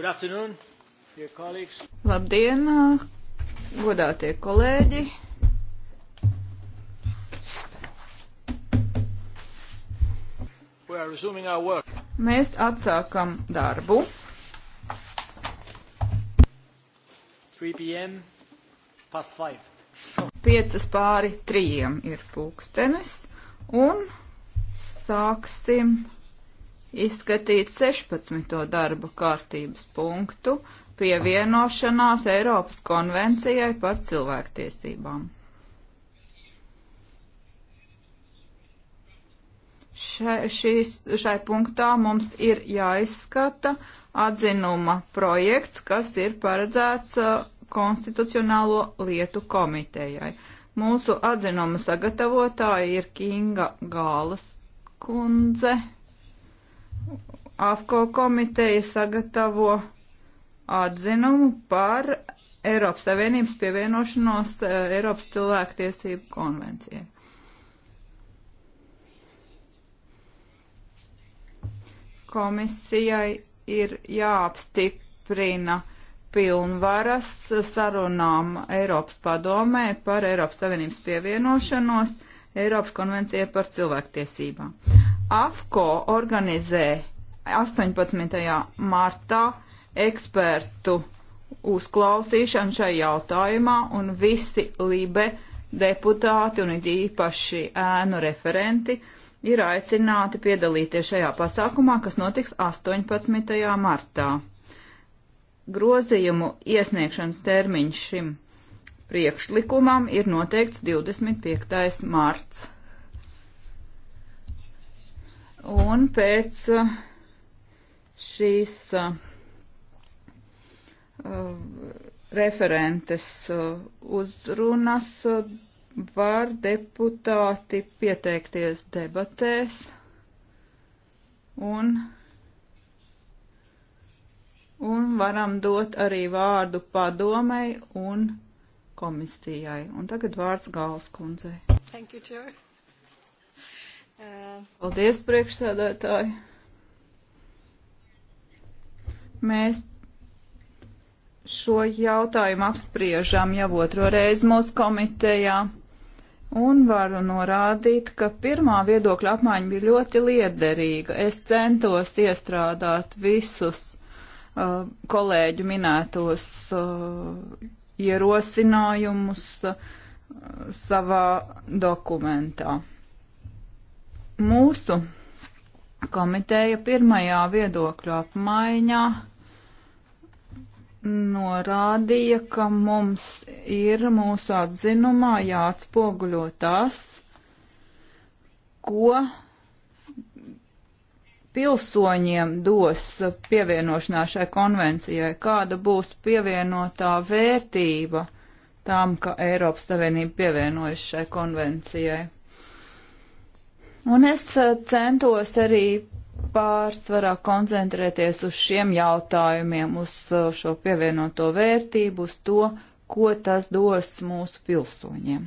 Good afternoon, dear colleagues. Labdien, godātie kolēģi. We are resuming our work. Mēs atsākam darbu. 3 p.m. past 5. 5 pāri 3 ir pulkstenis un sāksim izskatīt 16. darba kārtības punktu pievienošanās Eiropas konvencijai par cilvēktiesībām. Šai, šīs, šai punktā mums ir jāizskata atzinuma projekts, kas ir paredzēts uh, Konstitucionālo lietu komitejai. Mūsu atzinuma sagatavotāja ir Kinga Gālas kundze. AFCO komiteja sagatavo atzinumu par Eiropas Savienības pievienošanos eh, Eiropas cilvēktiesību konvencijai. Komisijai ir jāapstiprina pilnvaras sarunām Eiropas padomē par Eiropas Savienības pievienošanos Eiropas konvencijai par cilvēktiesībām. AFCO organizē 18. martā ekspertu uzklausīšanu šai jautājumā un visi Libe deputāti un īpaši ēnu referenti ir aicināti piedalīties šajā pasākumā, kas notiks 18. martā. Grozījumu iesniegšanas termiņš šim priekšlikumam ir noteikts 25. marts. Un pēc uh, šīs uh, uh, referentes uh, uzrunas var deputāti pieteikties debatēs un, un varam dot arī vārdu padomei un komisijai. Un tagad vārds Gāls kundzei. Thank you, Chair. Uh... Paldies, priekšsēdētāji. Mēs šo jautājumu apspriežam jau otro reizi mūsu komitejā. Un varu norādīt, ka pirmā viedokļa apmaiņa bija ļoti liederīga. Es centos iestrādāt visus uh, kolēģu minētos uh, ierosinājumus uh, savā dokumentā. Mūsu komiteja pirmajā viedokļa apmaiņā uh, norādīja, ka mums ir mūsu atzinumā jāatspoguļo tas, ko pilsoņiem dos pievienošanās šai konvencijai, kāda būs pievienotā vērtība tām, ka Eiropas Savienība pievienojas šai konvencijai. Un es centos arī pārsvarā koncentrēties uz šiem jautājumiem, uz uh, šo pievienoto vērtību, uz to, ko tas dos mūsu pilsoņiem.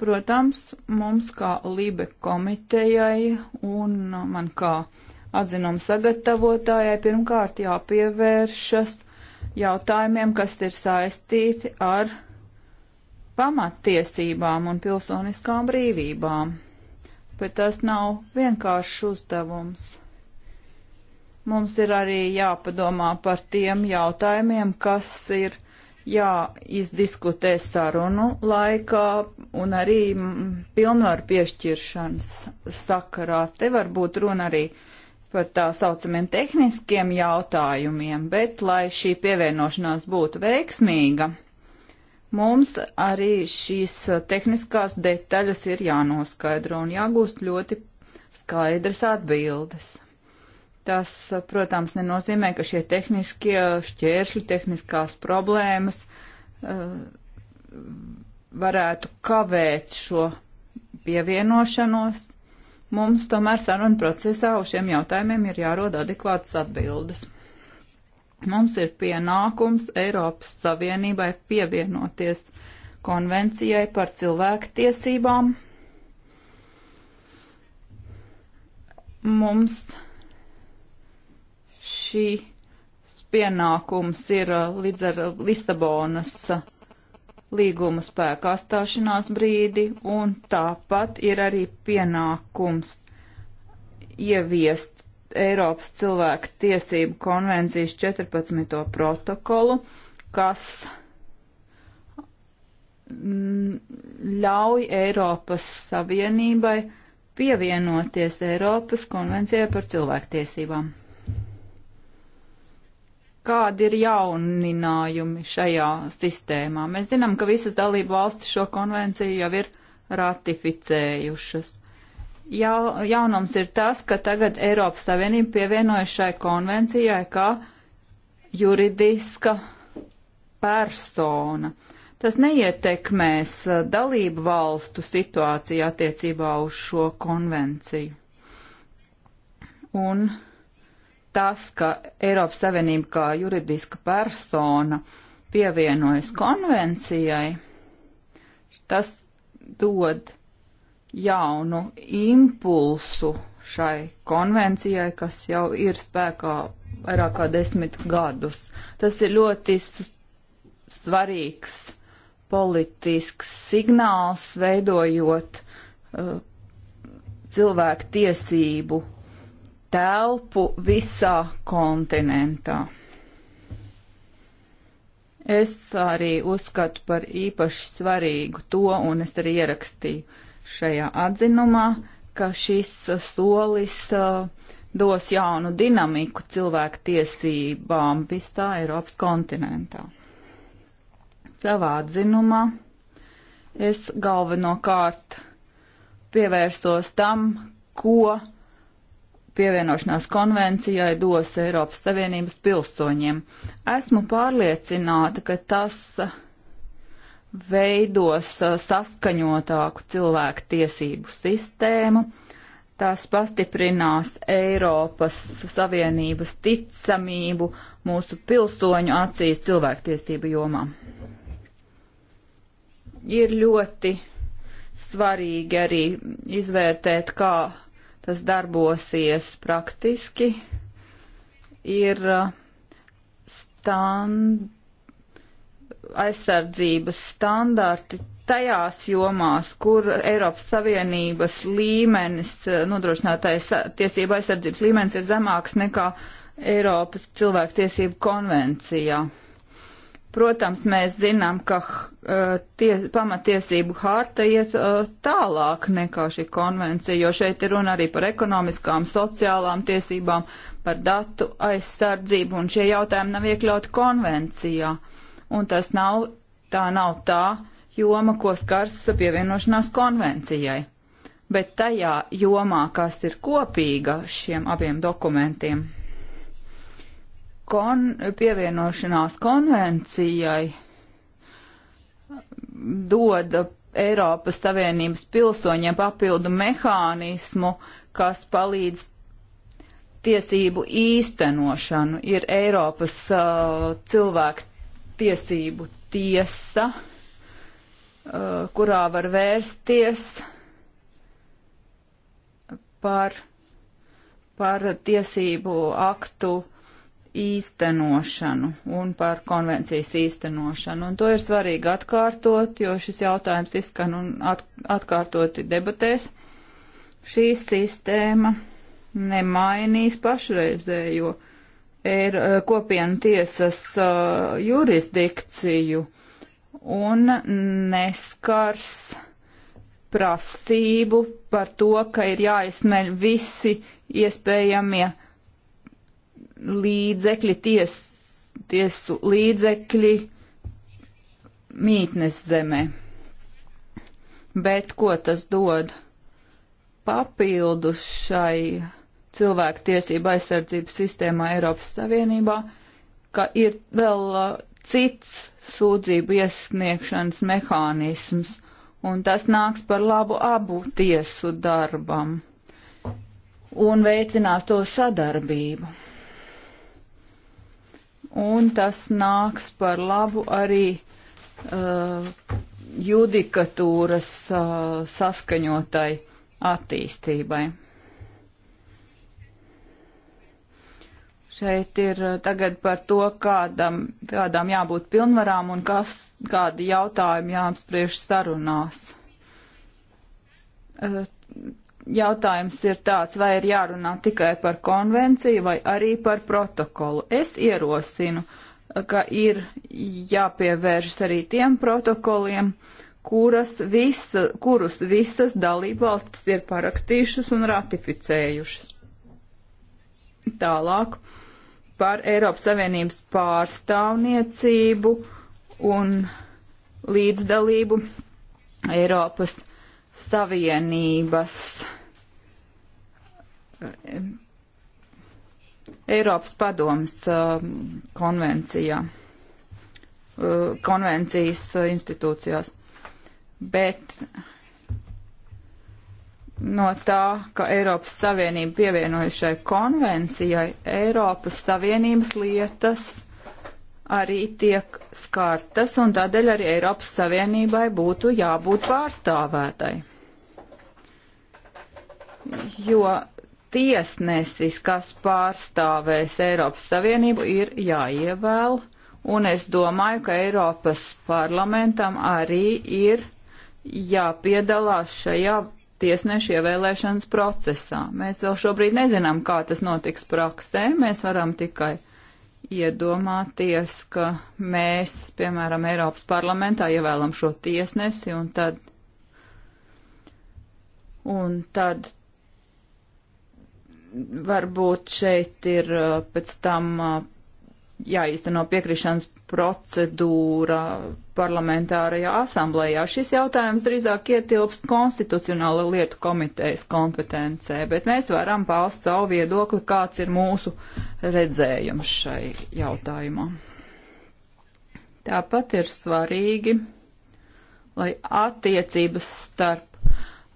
Protams, mums kā Lībe komitejai un man kā atzinumu sagatavotājai pirmkārt jāpievēršas jautājumiem, kas ir saistīti ar pamattiesībām un pilsoniskām brīvībām bet tas nav vienkāršs uzdevums. Mums ir arī jāpadomā par tiem jautājumiem, kas ir jāizdiskutē sarunu laikā un arī mm, pilnvaru piešķiršanas sakarā. Te var būt runa arī par tā saucamiem tehniskiem jautājumiem, bet lai šī pievienošanās būtu veiksmīga, mums arī šīs tehniskās detaļas ir jānoskaidro un jāgūst ļoti skaidras atbildes. Tas, protams, nenozīmē, ka šie tehniskie šķēršļi, tehniskās problēmas uh, varētu kavēt šo pievienošanos. Mums tomēr sarunu procesā uz šiem jautājumiem ir jārod adekvātas atbildes. Mums ir pienākums Eiropas Savienībai pievienoties konvencijai par cilvēku tiesībām. Mums šī pienākums ir uh, līdz ar Lisabonas uh, līguma spēkā stāšanās brīdi, un tāpat ir arī pienākums ieviest Eiropas cilvēku tiesību konvencijas 14. protokolu, kas mm, ļauj Eiropas Savienībai pievienoties Eiropas konvencijai par cilvēktiesībām. Kādi ir jauninājumi šajā sistēmā? Mēs zinām, ka visas dalību valstis šo konvenciju jau ir ratificējušas jau, jaunums ir tas, ka tagad Eiropas Savienība pievienojas šai konvencijai kā juridiska persona. Tas neietekmēs uh, dalību valstu situāciju attiecībā uz šo konvenciju. Un tas, ka Eiropas Savienība kā juridiska persona pievienojas konvencijai, tas dod jaunu impulsu šai konvencijai, kas jau ir spēkā vairāk kā desmit gadus. Tas ir ļoti svarīgs politisks signāls, veidojot uh, cilvēku tiesību telpu visā kontinentā. Es arī uzskatu par īpaši svarīgu to, un es arī ierakstīju šajā atzinumā, ka šis uh, solis uh, dos jaunu dinamiku cilvēku tiesībām visā Eiropas kontinentā. Savā atzinumā es galvenokārt pievērsos tam, ko pievienošanās konvencijai dos Eiropas Savienības pilsoņiem. Esmu pārliecināta, ka tas uh, veidos uh, saskaņotāku cilvēku tiesību sistēmu. Tas pastiprinās Eiropas Savienības ticamību mūsu pilsoņu acīs cilvēktiesību jomā. Ir ļoti svarīgi arī izvērtēt, kā tas darbosies praktiski. Ir uh, stand aizsardzības standarti tajās jomās, kur Eiropas Savienības līmenis, eh, nodrošinātais tiesība aizsardzības līmenis ir zemāks nekā Eiropas cilvēktiesību konvencijā. Protams, mēs zinām, ka uh, tie, pamatiesību harta iet uh, tālāk nekā šī konvencija, jo šeit ir runa arī par ekonomiskām, sociālām tiesībām, par datu aizsardzību, un šie jautājumi nav iekļauti konvencijā. Uh, un tas nav, tā nav tā joma, ko skars pievienošanās konvencijai. Bet tajā jomā, kas ir kopīga šiem abiem dokumentiem, kon, pievienošanās konvencijai dod Eiropas Savienības pilsoņiem papildu mehānismu, kas palīdz tiesību īstenošanu. Ir Eiropas uh, cilvēku tiesību tiesa, uh, kurā var vērsties par, par tiesību aktu īstenošanu un par konvencijas īstenošanu. Un to ir svarīgi atkārtot, jo šis jautājums izskan un at, atkārtoti debatēs. Šī sistēma nemainīs pašreizējo. Jo ir eh, kopienu tiesas uh, jurisdikciju un neskars prasību par to, ka ir jāizsmeļ visi iespējamie līdzekļi, ties, tiesu līdzekļi mītnes zemē. Bet ko tas dod papildus šai? cilvēku tiesību aizsardzības sistēmā Eiropas Savienībā, ka ir vēl uh, cits sūdzību iesniegšanas mehānisms, un tas nāks par labu abu tiesu darbam un veicinās to sadarbību. Un tas nāks par labu arī uh, judikatūras uh, saskaņotai attīstībai. Šeit ir eh, tagad par to, kādam, kādām jābūt pilnvarām un kas, kādi jautājumi jāapspriež sarunās. Eh, jautājums ir tāds, vai ir jārunā tikai par konvenciju vai arī par protokolu. Es ierosinu, eh, ka ir jāpievēršas arī tiem protokoliem, kuras visa, kurus visas dalībvalstis ir parakstījušas un ratificējušas. Tālāk par Eiropas Savienības pārstāvniecību un līdzdalību Eiropas Savienības. Eh, Eiropas padomas eh, konvencijā, eh, konvencijas institūcijās. Bet no tā, ka Eiropas Savienība pievienojušai konvencijai Eiropas Savienības lietas arī tiek skartas, un tādēļ arī Eiropas Savienībai būtu jābūt pārstāvētai. Jo tiesnesis, kas pārstāvēs Eiropas Savienību, ir jāievēl, un es domāju, ka Eiropas parlamentam arī ir jāpiedalās šajā tiesneši ievēlēšanas procesā. Mēs vēl šobrīd nezinām, kā tas notiks praksē. Mēs varam tikai iedomāties, ka mēs, piemēram, Eiropas parlamentā ievēlam šo tiesnesi un tad, un tad varbūt šeit ir uh, pēc tam uh, jāīsteno piekrišanas procedūra parlamentārajā asamblējā. Šis jautājums drīzāk ietilpst konstitucionāla lietu komitejas kompetencē, bet mēs varam paust savu viedokli, kāds ir mūsu redzējums šai jautājumā. Tāpat ir svarīgi, lai attiecības starp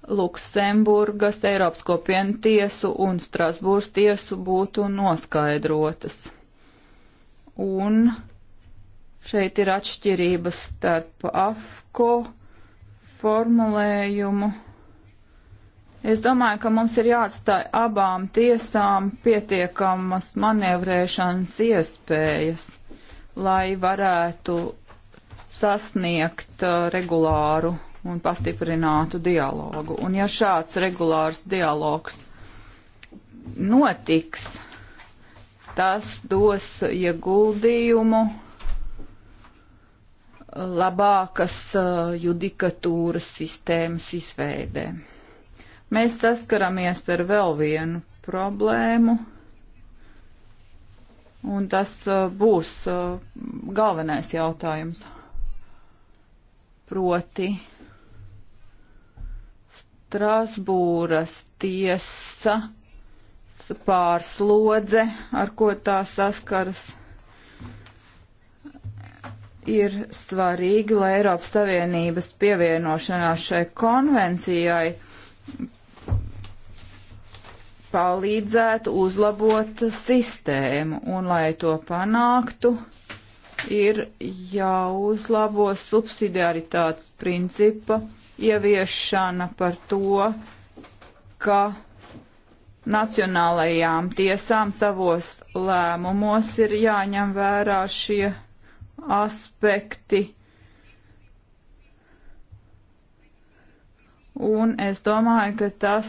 Luksemburgas, Eiropas kopienu tiesu un Strasbūras tiesu būtu noskaidrotas. Un Šeit ir atšķirības starp AFCO formulējumu. Es domāju, ka mums ir jāatstāj abām tiesām pietiekamas manevrēšanas iespējas, lai varētu sasniegt uh, regulāru un pastiprinātu dialogu. Un ja šāds regulārs dialogs notiks, tas dos ieguldījumu labākas uh, judikatūras sistēmas izveidē. Mēs saskaramies ar vēl vienu problēmu, un tas uh, būs uh, galvenais jautājums. Proti, Strasbūras tiesa pārslodze, ar ko tā saskaras ir svarīgi, lai Eiropas Savienības pievienošanās šai konvencijai palīdzētu uzlabot sistēmu, un lai to panāktu, ir jāuzlabo subsidiaritātes principa ieviešana par to, ka nacionālajām tiesām savos lēmumos ir jāņem vērā šie aspekti. Un es domāju, ka tas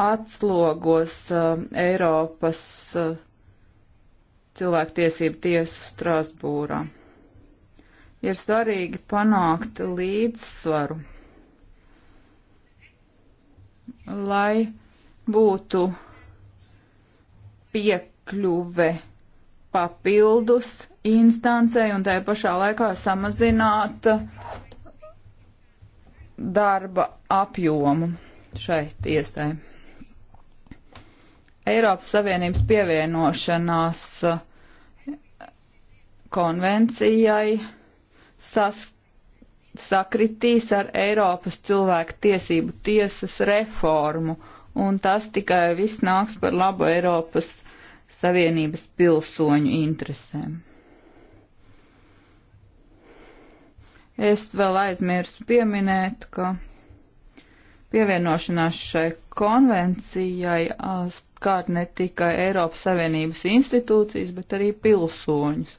atslogos uh, Eiropas uh, cilvēktiesību tiesu Strasbūrā. Ir svarīgi panākt līdzsvaru, lai būtu piekļuve papildus instancei un tajā pašā laikā samazināt darba apjomu šai tiesai. Eiropas Savienības pievienošanās konvencijai sas, sakritīs ar Eiropas cilvēku tiesību tiesas reformu, un tas tikai viss nāks par labu Eiropas Savienības pilsoņu interesēm. Es vēl aizmirsu pieminēt, ka pievienošanās šai konvencijai atkārt ne tikai Eiropas Savienības institūcijas, bet arī pilsoņus.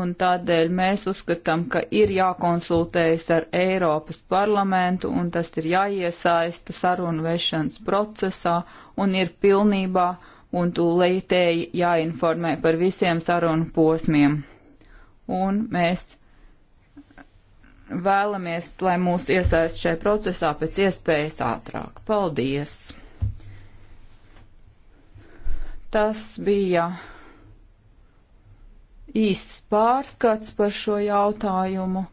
Un tādēļ mēs uzskatām, ka ir jākonsultējas ar Eiropas parlamentu un tas ir jāiesaista sarunu vešanas procesā un ir pilnībā un tūlītēji jāinformē par visiem sarunu posmiem. Un mēs vēlamies, lai mūs iesaist šajā procesā pēc iespējas ātrāk. Paldies! Tas bija īsts pārskats par šo jautājumu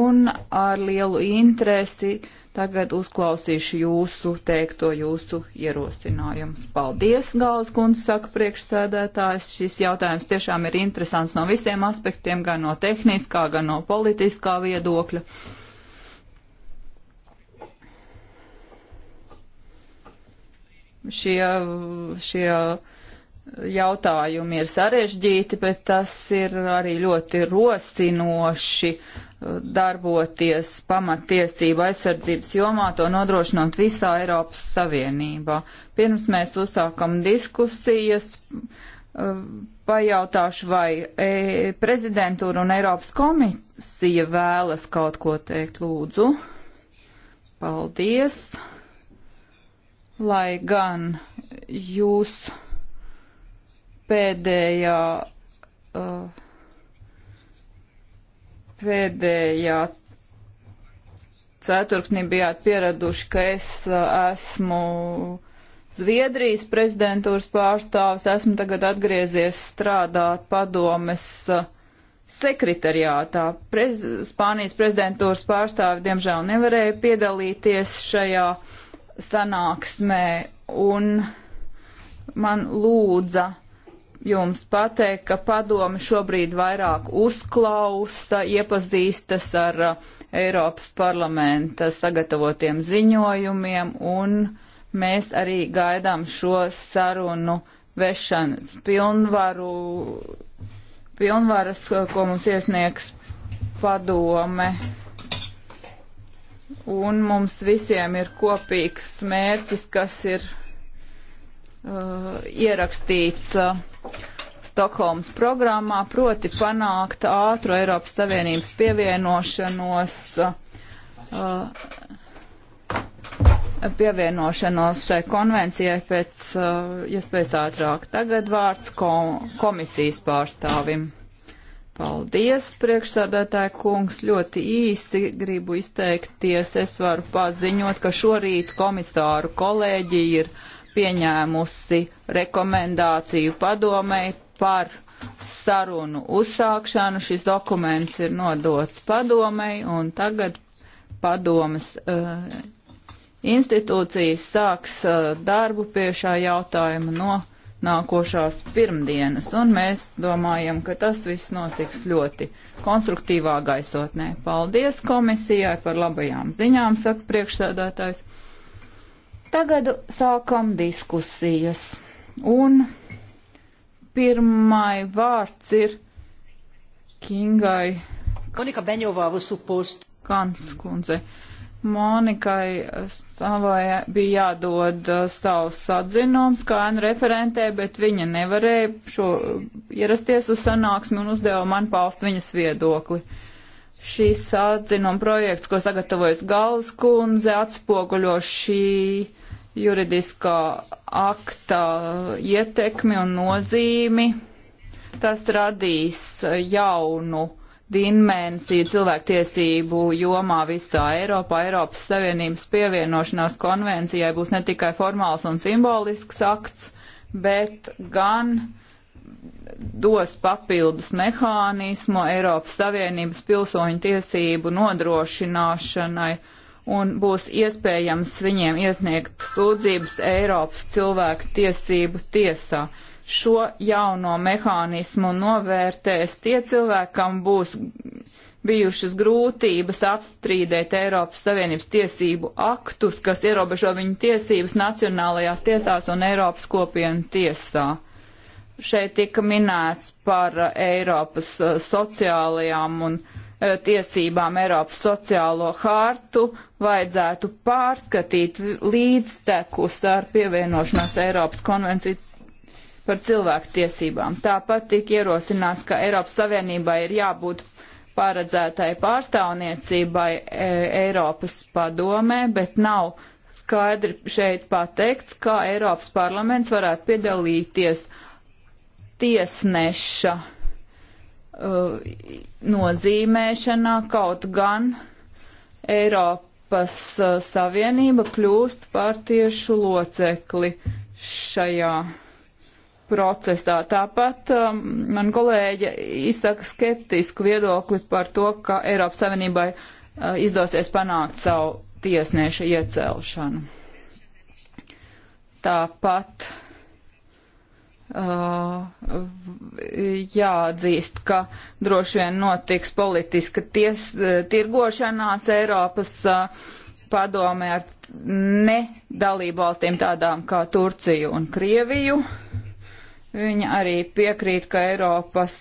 un ar lielu interesi Tagad uzklausīšu jūsu teikto, jūsu ierosinājumus. Paldies, Gāles kundze, saka priekšsēdētājs. Šis jautājums tiešām ir interesants no visiem aspektiem, gan no tehniskā, gan no politiskā viedokļa. Šie, šie jautājumi ir sarežģīti, bet tas ir arī ļoti rosinoši darboties pamatiesību aizsardzības jomā, to nodrošinot visā Eiropas Savienībā. Pirms mēs uzsākam diskusijas, uh, pajautāšu, vai e, prezidentūra un Eiropas komisija vēlas kaut ko teikt, lūdzu. Paldies. Lai gan jūs pēdējā. Uh, pēdējā ceturksnī bijāt pieraduši, ka es uh, esmu Zviedrijas prezidentūras pārstāvis, esmu tagad atgriezies strādāt padomes uh, sekretariātā. Prez, Spānijas prezidentūras pārstāvi, diemžēl, nevarēja piedalīties šajā sanāksmē un man lūdza jums pateikt, ka padomi šobrīd vairāk uzklausa, iepazīstas ar uh, Eiropas parlamenta sagatavotiem ziņojumiem, un mēs arī gaidām šo sarunu vešanas pilnvaru, pilnvaras, uh, ko mums iesniegs padome. Un mums visiem ir kopīgs mērķis, kas ir uh, ierakstīts uh, Stokholmas programmā, proti panākt ātru Eiropas Savienības pievienošanos, uh, pievienošanos šai konvencijai pēc uh, iespējas ja ātrāk. Tagad vārds komisijas pārstāvim. Paldies, priekšsādātāja kungs. Ļoti īsi gribu izteikties. Es varu paziņot, ka šorīt komisāru kolēģi ir uh, pieņēmusi rekomendāciju padomei par sarunu uzsākšanu. Šis dokuments ir nodots padomei un tagad padomas uh, institūcijas sāks uh, darbu pie šā jautājuma no nākošās pirmdienas, un mēs domājam, ka tas viss notiks ļoti konstruktīvā gaisotnē. Paldies komisijai par labajām ziņām, saka priekšsēdētājs. Tagad sākam diskusijas. Un pirmai vārds ir Kingai. Monika Beņovāva supost. Kanskundze. Monikai savai bija jādod uh, savs atzinums, kā Anna referentē, bet viņa nevarēja šo uh, ierasties uz sanāksmi un uzdeva man paust viņas viedokli. Šis atzinuma projekts, ko sagatavojas Gals kundze, atspoguļo šī juridiskā akta ietekmi un nozīmi. Tas radīs jaunu dimensiju cilvēktiesību jomā visā Eiropā. Eiropas Savienības pievienošanās konvencijai būs ne tikai formāls un simbolisks akts, bet gan dos papildus mehānismu Eiropas Savienības pilsoņu tiesību nodrošināšanai un būs iespējams viņiem iesniegt sūdzības Eiropas cilvēku tiesību tiesā. Šo jauno mehānismu novērtēs tie cilvēki, kam būs bijušas grūtības apstrīdēt Eiropas Savienības tiesību aktus, kas ierobežo viņu tiesības nacionālajās tiesās un Eiropas kopienu tiesā. Šeit tika minēts par Eiropas eh, sociālajām un uh, Eh, tiesībām Eiropas sociālo hartu vajadzētu pārskatīt līdztekus ar pievienošanos Eiropas konvenciju par cilvēku tiesībām. Tāpat tik ierosināts, ka Eiropas Savienībai ir jābūt paredzētai pārstāvniecībai e, Eiropas padomē, bet nav skaidri šeit pateikts, kā Eiropas parlaments varētu piedalīties tiesneša Uh, nozīmēšanā, kaut gan Eiropas uh, Savienība kļūst par tiešu locekli šajā procesā. Tāpat um, man kolēģe izsaka skeptisku viedokli par to, ka Eiropas Savienībai uh, izdosies panākt savu tiesniešu iecelšanu. Tāpat uh, Uh, jāatzīst, ka droši vien notiks politiska ties, uh, tirgošanās Eiropas uh, padomē ar nedalību valstīm tādām kā Turciju un Krieviju. Viņa arī piekrīt, ka Eiropas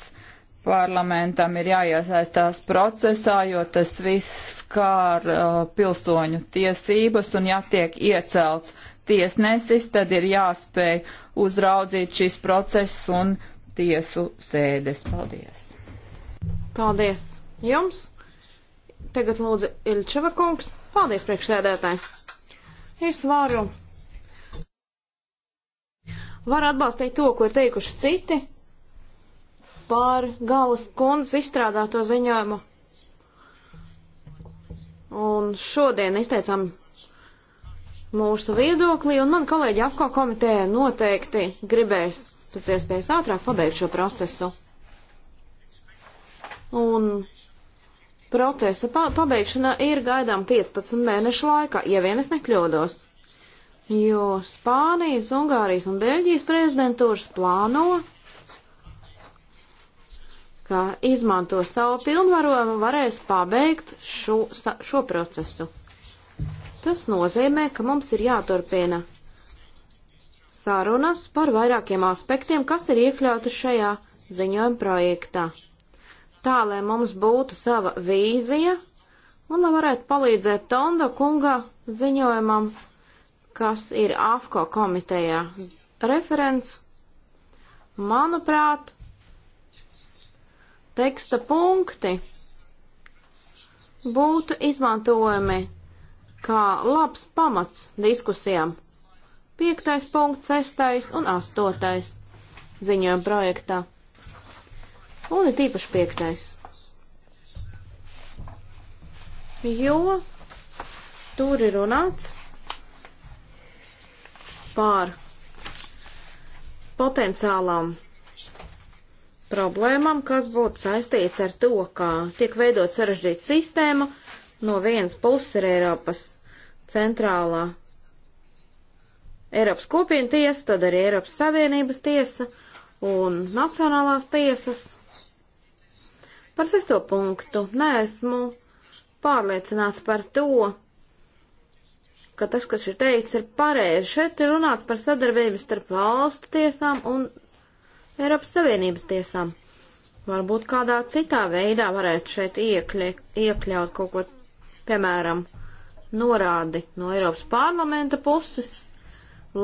parlamentam ir jāiesaistās procesā, jo tas viss skār uh, pilsoņu tiesības un jātiek iecelts tiesnesis, tad ir jāspēj uzraudzīt šis process un tiesu sēdes. Paldies! Paldies jums! Tagad lūdzu Ilčeva kungs. Paldies, priekšsēdētāji! Es varu. Varu atbalstīt to, ko ir teikuši citi par galas kundzes izstrādāto ziņojumu. Un šodien izteicām mūsu viedoklī, un man kolēģi apko komitēja noteikti gribēs pēc iespējas ātrāk pabeigt šo procesu. Un procesa pa pabeigšanā ir gaidām 15 mēnešu laikā, ja vien es nekļūdos. Jo Spānijas, Ungārijas un Beļģijas prezidentūras plāno, ka izmanto savu pilnvarojumu varēs pabeigt šo, šo procesu. Tas nozīmē, ka mums ir jāturpina sarunas par vairākiem aspektiem, kas ir iekļauti šajā ziņojuma projektā. Tā, lai mums būtu sava vīzija un lai varētu palīdzēt Tonda kunga ziņojumam, kas ir AFCO komitejā referents. Manuprāt, teksta punkti būtu izmantojami kā labs pamats diskusijām. Piektais punkts, sestais un astotais ziņojuma projektā. Un ir tīpaši piektais. Jo tur ir runāts pār potenciālām problēmām, kas būtu saistīts ar to, ka tiek veidot sarežģīta sistēma, No vienas puses ir Eiropas centrālā Eiropas kopiena tiesa, tad arī Eiropas Savienības tiesa un nacionālās tiesas. Par sesto punktu neesmu pārliecināts par to, ka tas, kas ir teikts, ir pareizi. Šeit ir runāts par sadarbību starp valstu tiesām un Eiropas Savienības tiesām. Varbūt kādā citā veidā varētu šeit iekļa, iekļaut kaut ko piemēram, norādi no Eiropas parlamenta puses,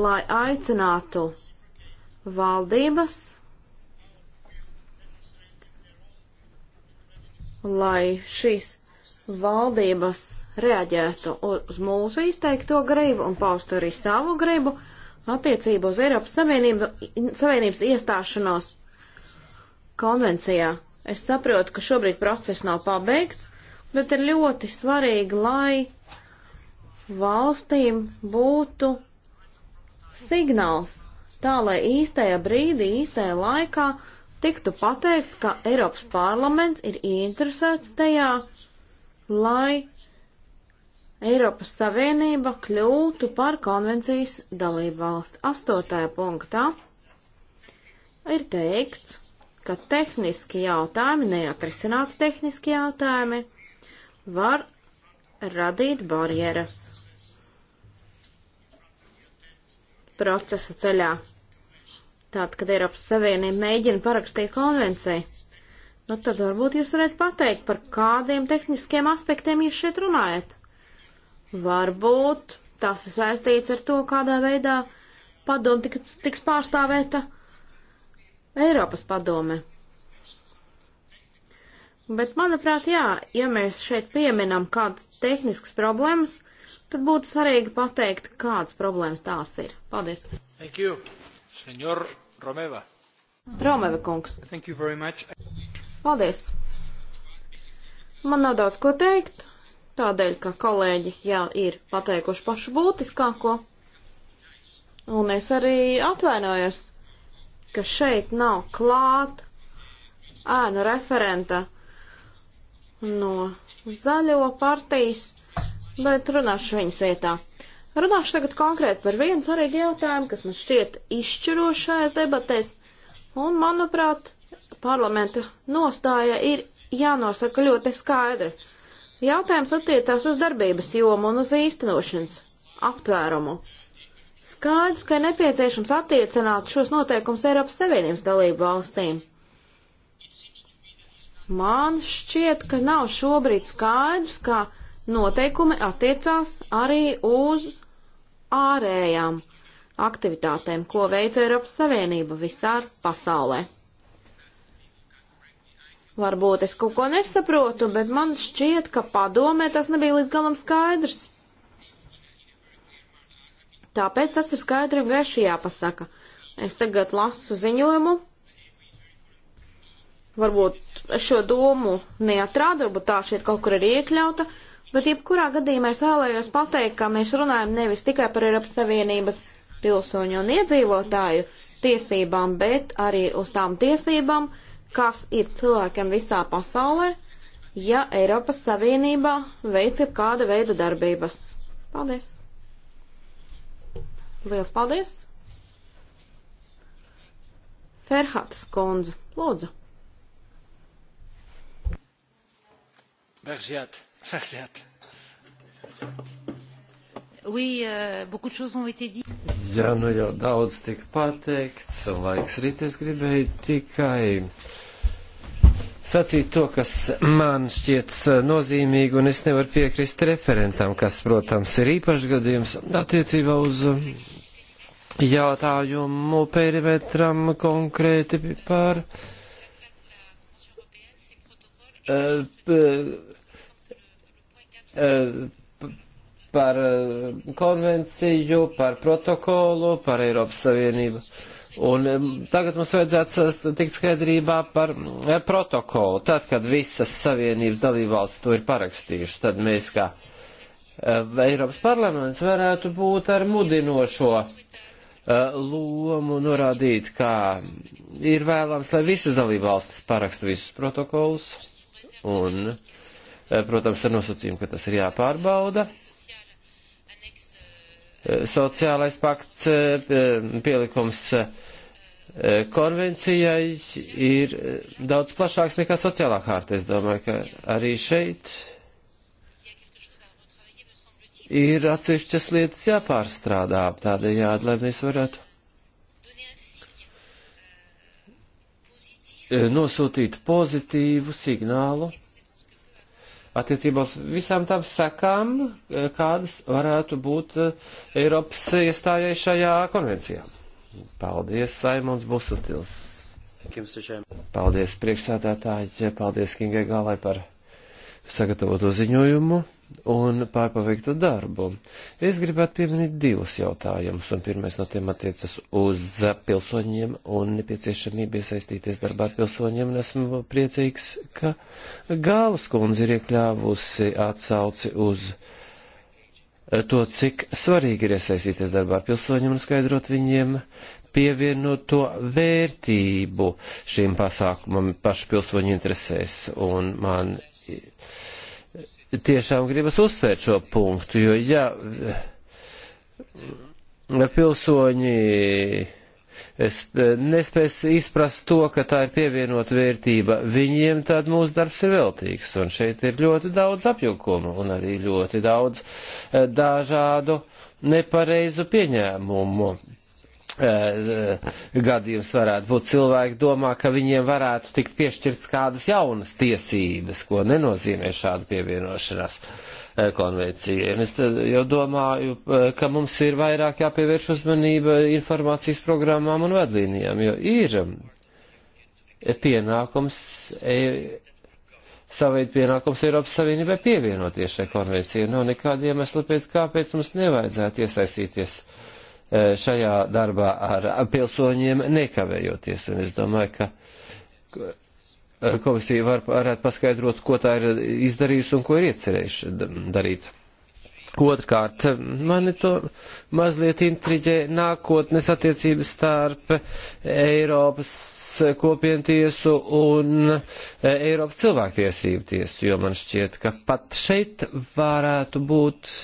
lai aicinātu valdības, lai šīs valdības reaģētu uz mūsu izteikto gribu un paustu arī savu gribu attiecību uz Eiropas Savienību, Savienības iestāšanos konvencijā. Es saprotu, ka šobrīd process nav pabeigts, bet ir ļoti svarīgi, lai valstīm būtu signāls tā, lai īstajā brīdī, īstajā laikā tiktu pateikts, ka Eiropas parlaments ir interesēts tajā, lai Eiropas Savienība kļūtu par konvencijas dalību valsti. Astotajā punktā ir teikts, ka tehniski jautājumi, neatrisināti tehniski jautājumi, var radīt barjeras procesa ceļā. Tātad, kad Eiropas Savienība mēģina parakstīt konvenciju, nu tad varbūt jūs varētu pateikt, par kādiem tehniskiem aspektiem jūs šeit runājat. Varbūt tas ir saistīts ar to, kādā veidā padomu tiks pārstāvēta Eiropas padome. Bet, manuprāt, jā, ja mēs šeit pieminam kādas tehniskas problēmas, tad būtu svarīgi pateikt, kādas problēmas tās ir. Paldies. Thank you, senor Romeva. Romeva kungs. Thank you very much. Paldies. Man nav daudz ko teikt, tādēļ, ka kolēģi jau ir pateikuši pašu būtiskāko. Un es arī atvainojos, ka šeit nav klāt ēnu referenta no Zaļo partijas, bet runāšu viņas vietā. Runāšu tagad konkrēti par vienu svarīgu jautājumu, kas man šķiet izšķirošais debatēs, un, manuprāt, parlamenta nostāja ir jānosaka ļoti skaidri. Jautājums attiecās uz darbības jomu un uz īstenošanas aptvērumu. Skaidrs, ka ir nepieciešams attiecināt šos noteikumus Eiropas Savienības dalību valstīm. Man šķiet, ka nav šobrīd skaidrs, ka noteikumi attiecās arī uz ārējām aktivitātēm, ko veic Eiropas Savienība visā pasaulē. Varbūt es kaut ko nesaprotu, bet man šķiet, ka padomē tas nebija līdz galam skaidrs. Tāpēc tas ir skaidri un gaiši jāpasaka. Es tagad lasu ziņojumu Varbūt es šo domu neatrādu, varbūt tā šeit kaut kur ir iekļauta, bet jebkurā gadījumā es vēlējos pateikt, ka mēs runājam nevis tikai par Eiropas Savienības pilsoņu un iedzīvotāju tiesībām, bet arī uz tām tiesībām, kas ir cilvēkiem visā pasaulē, ja Eiropas Savienībā veic jau kāda veida darbības. Paldies! Liels paldies! Ferhats Konze, lūdzu! Vergiat. Vergiat. Oui, euh, beaucoup de choses ont été dites. Jā, nu jau daudz tika pateikts, un laiks rīt es gribēju tikai sacīt to, kas man šķiet nozīmīgi, un es nevaru piekrist referentam, kas, protams, ir īpašs gadījums attiecībā uz um, jautājumu perimetram konkrēti par. Uh, Eh, par eh, konvenciju, par protokolu, par Eiropas Savienību. Un eh, tagad mums vajadzētu tikt skaidrībā par protokolu. Tad, kad visas Savienības dalībvalsts to ir parakstījušas, tad mēs kā Eiropas parlaments varētu būt ar mudinošo lomu norādīt, kā ir vēlams, lai visas dalībvalstis paraksta visus protokolus. Un uh, Eh, protams, ar nosacījumu, ka tas ir jāpārbauda. Eh, sociālais pakts eh, pielikums konvencijai ir daudz plašāks nekā sociālā hārta. Es domāju, ka arī šeit ir atsevišķas lietas jāpārstrādā tādējādi, lai mēs varētu nosūtīt pozitīvu signālu attiecībā uz visām tām sekām, e, kādas varētu būt e, Eiropas iestājai šajā konvencijā. Paldies, Saimons Busutils. Paldies, priekšsēdētāji, paldies Kingai Gālai par sagatavoto ziņojumu un pārpaveikto darbu. Es gribētu pieminēt divus jautājumus, un pirmais no tiem attiecas uz pilsoņiem un nepieciešamību iesaistīties darbā ar pilsoņiem, un esmu priecīgs, ka Gāvas kundze ir iekļāvusi atsauci uz to, cik svarīgi ir iesaistīties darbā ar pilsoņiem un skaidrot viņiem pievienoto vērtību šīm pasākumam pašu pilsoņu interesēs, un man tiešām gribas uzsvērt šo punktu, jo ja pilsoņi es nespēs izprast to, ka tā ir pievienot vērtība viņiem, tad mūsu darbs ir veltīgs. Un šeit ir ļoti daudz apjukumu un arī ļoti daudz eh, dažādu nepareizu pieņēmumu Uh, uh, gadījums varētu būt. Cilvēki domā, ka viņiem varētu tikt piešķirts kādas jaunas tiesības, ko nenozīmē šāda pievienošanās uh, konvencija. Un es jau domāju, ka mums ir vairāk jāpievērš uzmanība informācijas programmām un vadlīnijām, jo ir um, pienākums, e, savveid pienākums Eiropas Savienībai pievienoties šai konvencijai. Nav nekāda iemesla pēc kāpēc mums nevajadzētu iesaistīties uh, E, šajā darbā ar pilsoņiem nekavējoties. Un es domāju, ka e, komisija var, varētu paskaidrot, ko tā ir izdarījusi un ko ir iecerējuši darīt. Otrkārt, mani to mazliet intriģē nākotnes attiecības starp Eiropas kopientiesu un e, Eiropas cilvēktiesību tiesu, jo man šķiet, ka pat šeit varētu būt uh,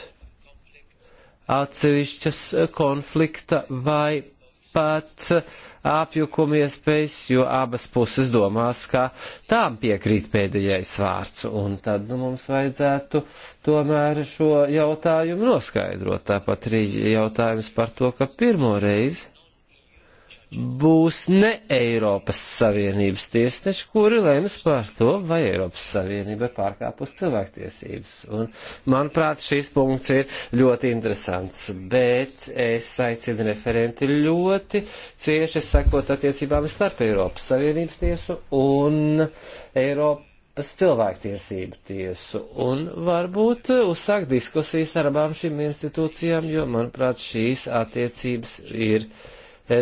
atsevišķas eh, konflikta vai pat eh, apjukuma iespējas, jo abas puses domās, ka tām piekrīt pēdējais vārds, un tad nu, mums vajadzētu tomēr šo jautājumu noskaidrot. Tāpat arī jautājums par to, ka pirmo reizi būs ne Eiropas Savienības tiesneši, kuri lems par to, vai Eiropas Savienība pārkāpus cilvēktiesības. Un, manuprāt, šis punkts ir ļoti interesants, bet es aicinu referenti ļoti cieši sekot attiecībām starp Eiropas Savienības tiesu un Eiropas cilvēktiesību tiesu un varbūt uzsākt diskusijas ar abām šīm institūcijām, jo, manuprāt, šīs attiecības ir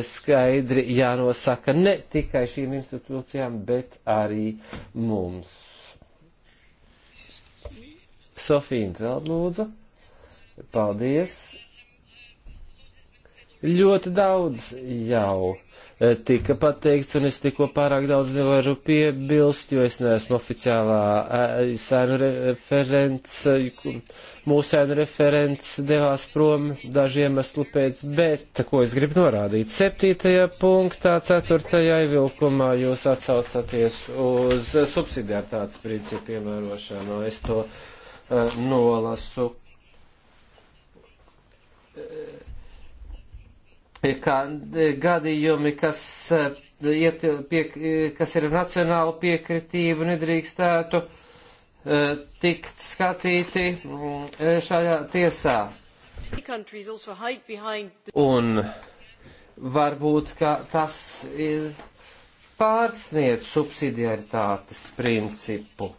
skaidri jānosaka ne tikai šīm institūcijām, bet arī mums. Sofija Intveld lūdzu. Paldies. Ļoti daudz jau e, tika pateikts, un es tikko pārāk daudz nevaru piebilst, jo es neesmu oficiālā e, sēnu referents, e, mūsu sēnu referents devās prom dažiem eslu pēc, bet, ko es gribu norādīt, septītajā punktā, ceturtajā vilkumā jūs atsaucaties uz subsidiartātes principu ievērošanu, es to uh, nolasu. Uh, kā e, gadījumi, kas, e, iet, pie, e, kas ir nacionāla piekritība, nedrīkstētu tikt skatīti šajā tiesā. Un varbūt, ka tas ir pārsniedz subsidiaritātes principu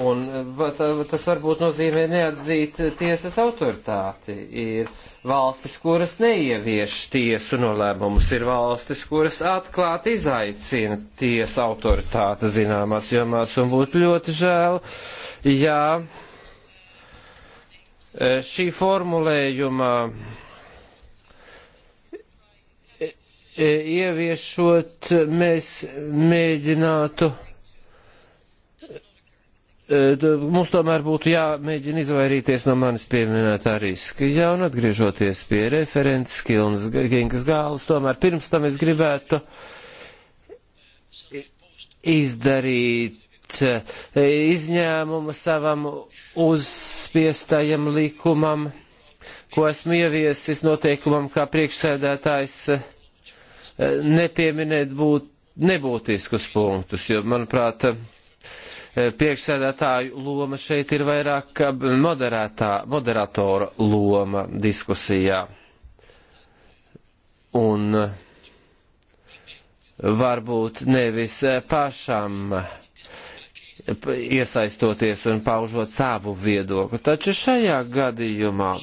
Un eh, tas varbūt nozīmē neatzīt tiesas autoritāti. Ir valstis, kuras neievieš tiesu nolēmumus, ir valstis, kuras atklāti izaicina tiesu autoritāti zināmās jomās, un būtu ļoti žēl, ja eh, šī formulējuma eh, ieviešot mēs mēģinātu mums tomēr būtu jāmēģina izvairīties no manis pieminētā riska. Jā, un atgriežoties pie referents Kilnas Ginkas gāles, tomēr pirms tam es gribētu izdarīt izņēmumu savam uzspiestajam likumam, ko esmu ieviesis noteikumam kā priekšsēdētājs nepieminēt būt, nebūtiskus punktus, jo, manuprāt, Eh, priekšsēdētāju loma šeit ir vairāk moderētā, moderatora loma diskusijā. Un eh, varbūt nevis eh, pašam iesaistoties un paužot savu viedokli. Taču šajā gadījumā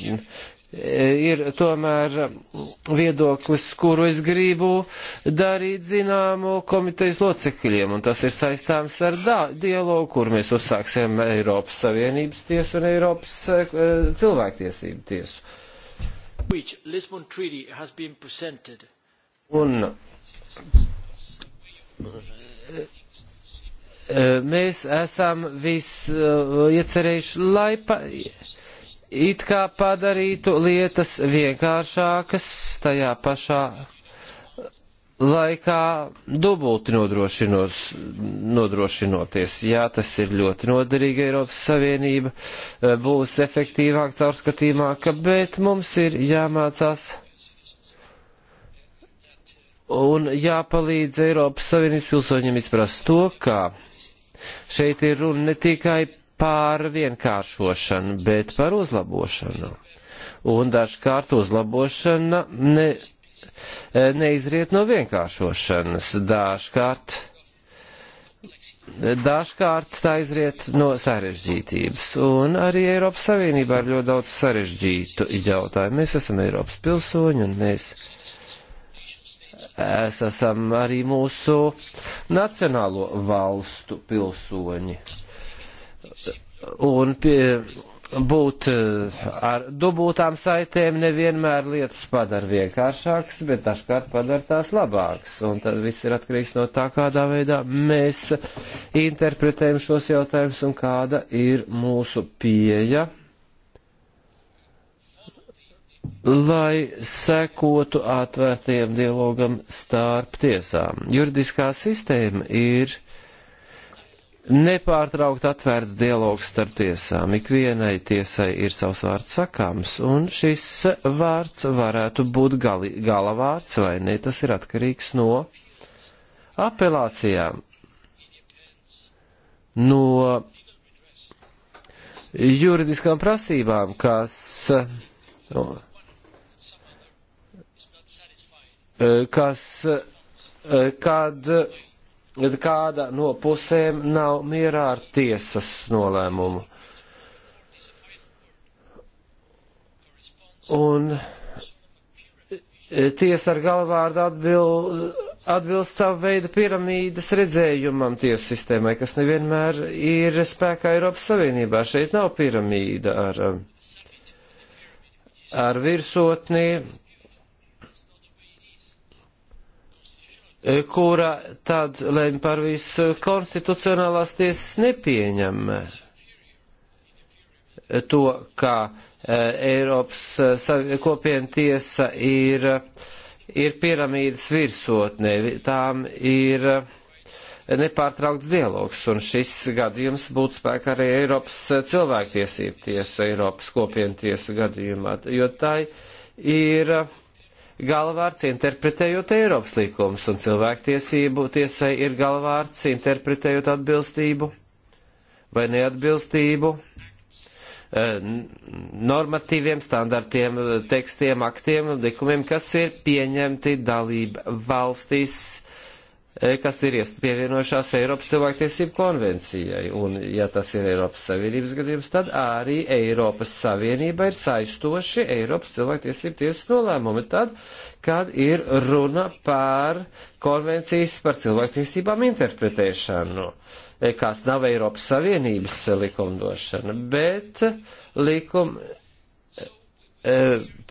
ir tomēr viedoklis, kuru es gribu darīt zināmu komitejas locekļiem, un tas ir saistāms ar dialogu, kur mēs uzsāksim Eiropas Savienības tiesu un Eiropas uh, cilvēktiesību tiesu. Which, un eh, eh, mēs esam vis uh, iecerējuši laipa. Uh, it kā padarītu lietas vienkāršākas, tajā pašā laikā dubulti nodrošinoties. Jā, tas ir ļoti noderīgi Eiropas Savienība, eh, būs efektīvāk, caurskatīmāka, bet mums ir jāmācās un jāpalīdz Eiropas Savienības pilsoņiem izprast to, ka šeit ir runa ne tikai par vienkāršošanu, bet par uzlabošanu. Un dažkārt uzlabošana ne, neizriet no vienkāršošanas. Dažkārt, dažkārt tā izriet no sarežģītības. Un arī Eiropas Savienībā ir ļoti daudz sarežģītu jautājumu. Mēs esam Eiropas pilsoņi un mēs es esam arī mūsu nacionālo valstu pilsoņi un pie, būt eh, ar dubultām saitēm nevienmēr lietas padara vienkāršākas, bet dažkārt padara tās labākas. Un tad viss ir atkarīgs no tā, kādā veidā mēs interpretējam šos jautājumus un kāda ir mūsu pieeja, lai sekotu atvērtiem dialogam starp tiesām. Juridiskā sistēma ir nepārtraukt atvērts dialogs starp tiesām. Ikvienai tiesai ir savs vārds sakāms, un šis vārds varētu būt gali, gala vārds vai ne, tas ir atkarīgs no apelācijām, no juridiskām prasībām, kas. No, kas, kad kāda no pusēm nav mierā ar tiesas nolēmumu. Un e, tiesa ar galvārdu atbild, atbilst savu veidu piramīdas redzējumam tiesu sistēmai, kas nevienmēr ir spēkā Eiropas Savienībā. Šeit nav piramīda ar, ar virsotni, E, kura tad lem par visu konstitucionālās tiesas nepieņem to, ka e, Eiropas e, kopiena tiesa ir, ir piramīdas virsotnē, tām ir nepārtraukts dialogs, un šis gadījums būtu spēkā arī Eiropas cilvēktiesību tiesu, Eiropas kopienu tiesu gadījumā, jo tai ir galvārds interpretējot Eiropas līkumus, un cilvēktiesību tiesai ir galvārds interpretējot atbilstību vai neatbilstību eh, normatīviem standartiem, tekstiem, aktiem un likumiem, kas ir pieņemti dalība valstīs E, kas ir pievienojušās Eiropas cilvēktiesību konvencijai. Un, ja tas ir Eiropas Savienības gadījums, tad arī Eiropas Savienība ir saistoši Eiropas cilvēktiesību tiesas nolēmumi tad, kad ir runa par konvencijas par cilvēktiesībām interpretēšanu e, kas nav Eiropas Savienības likumdošana, bet likuma E,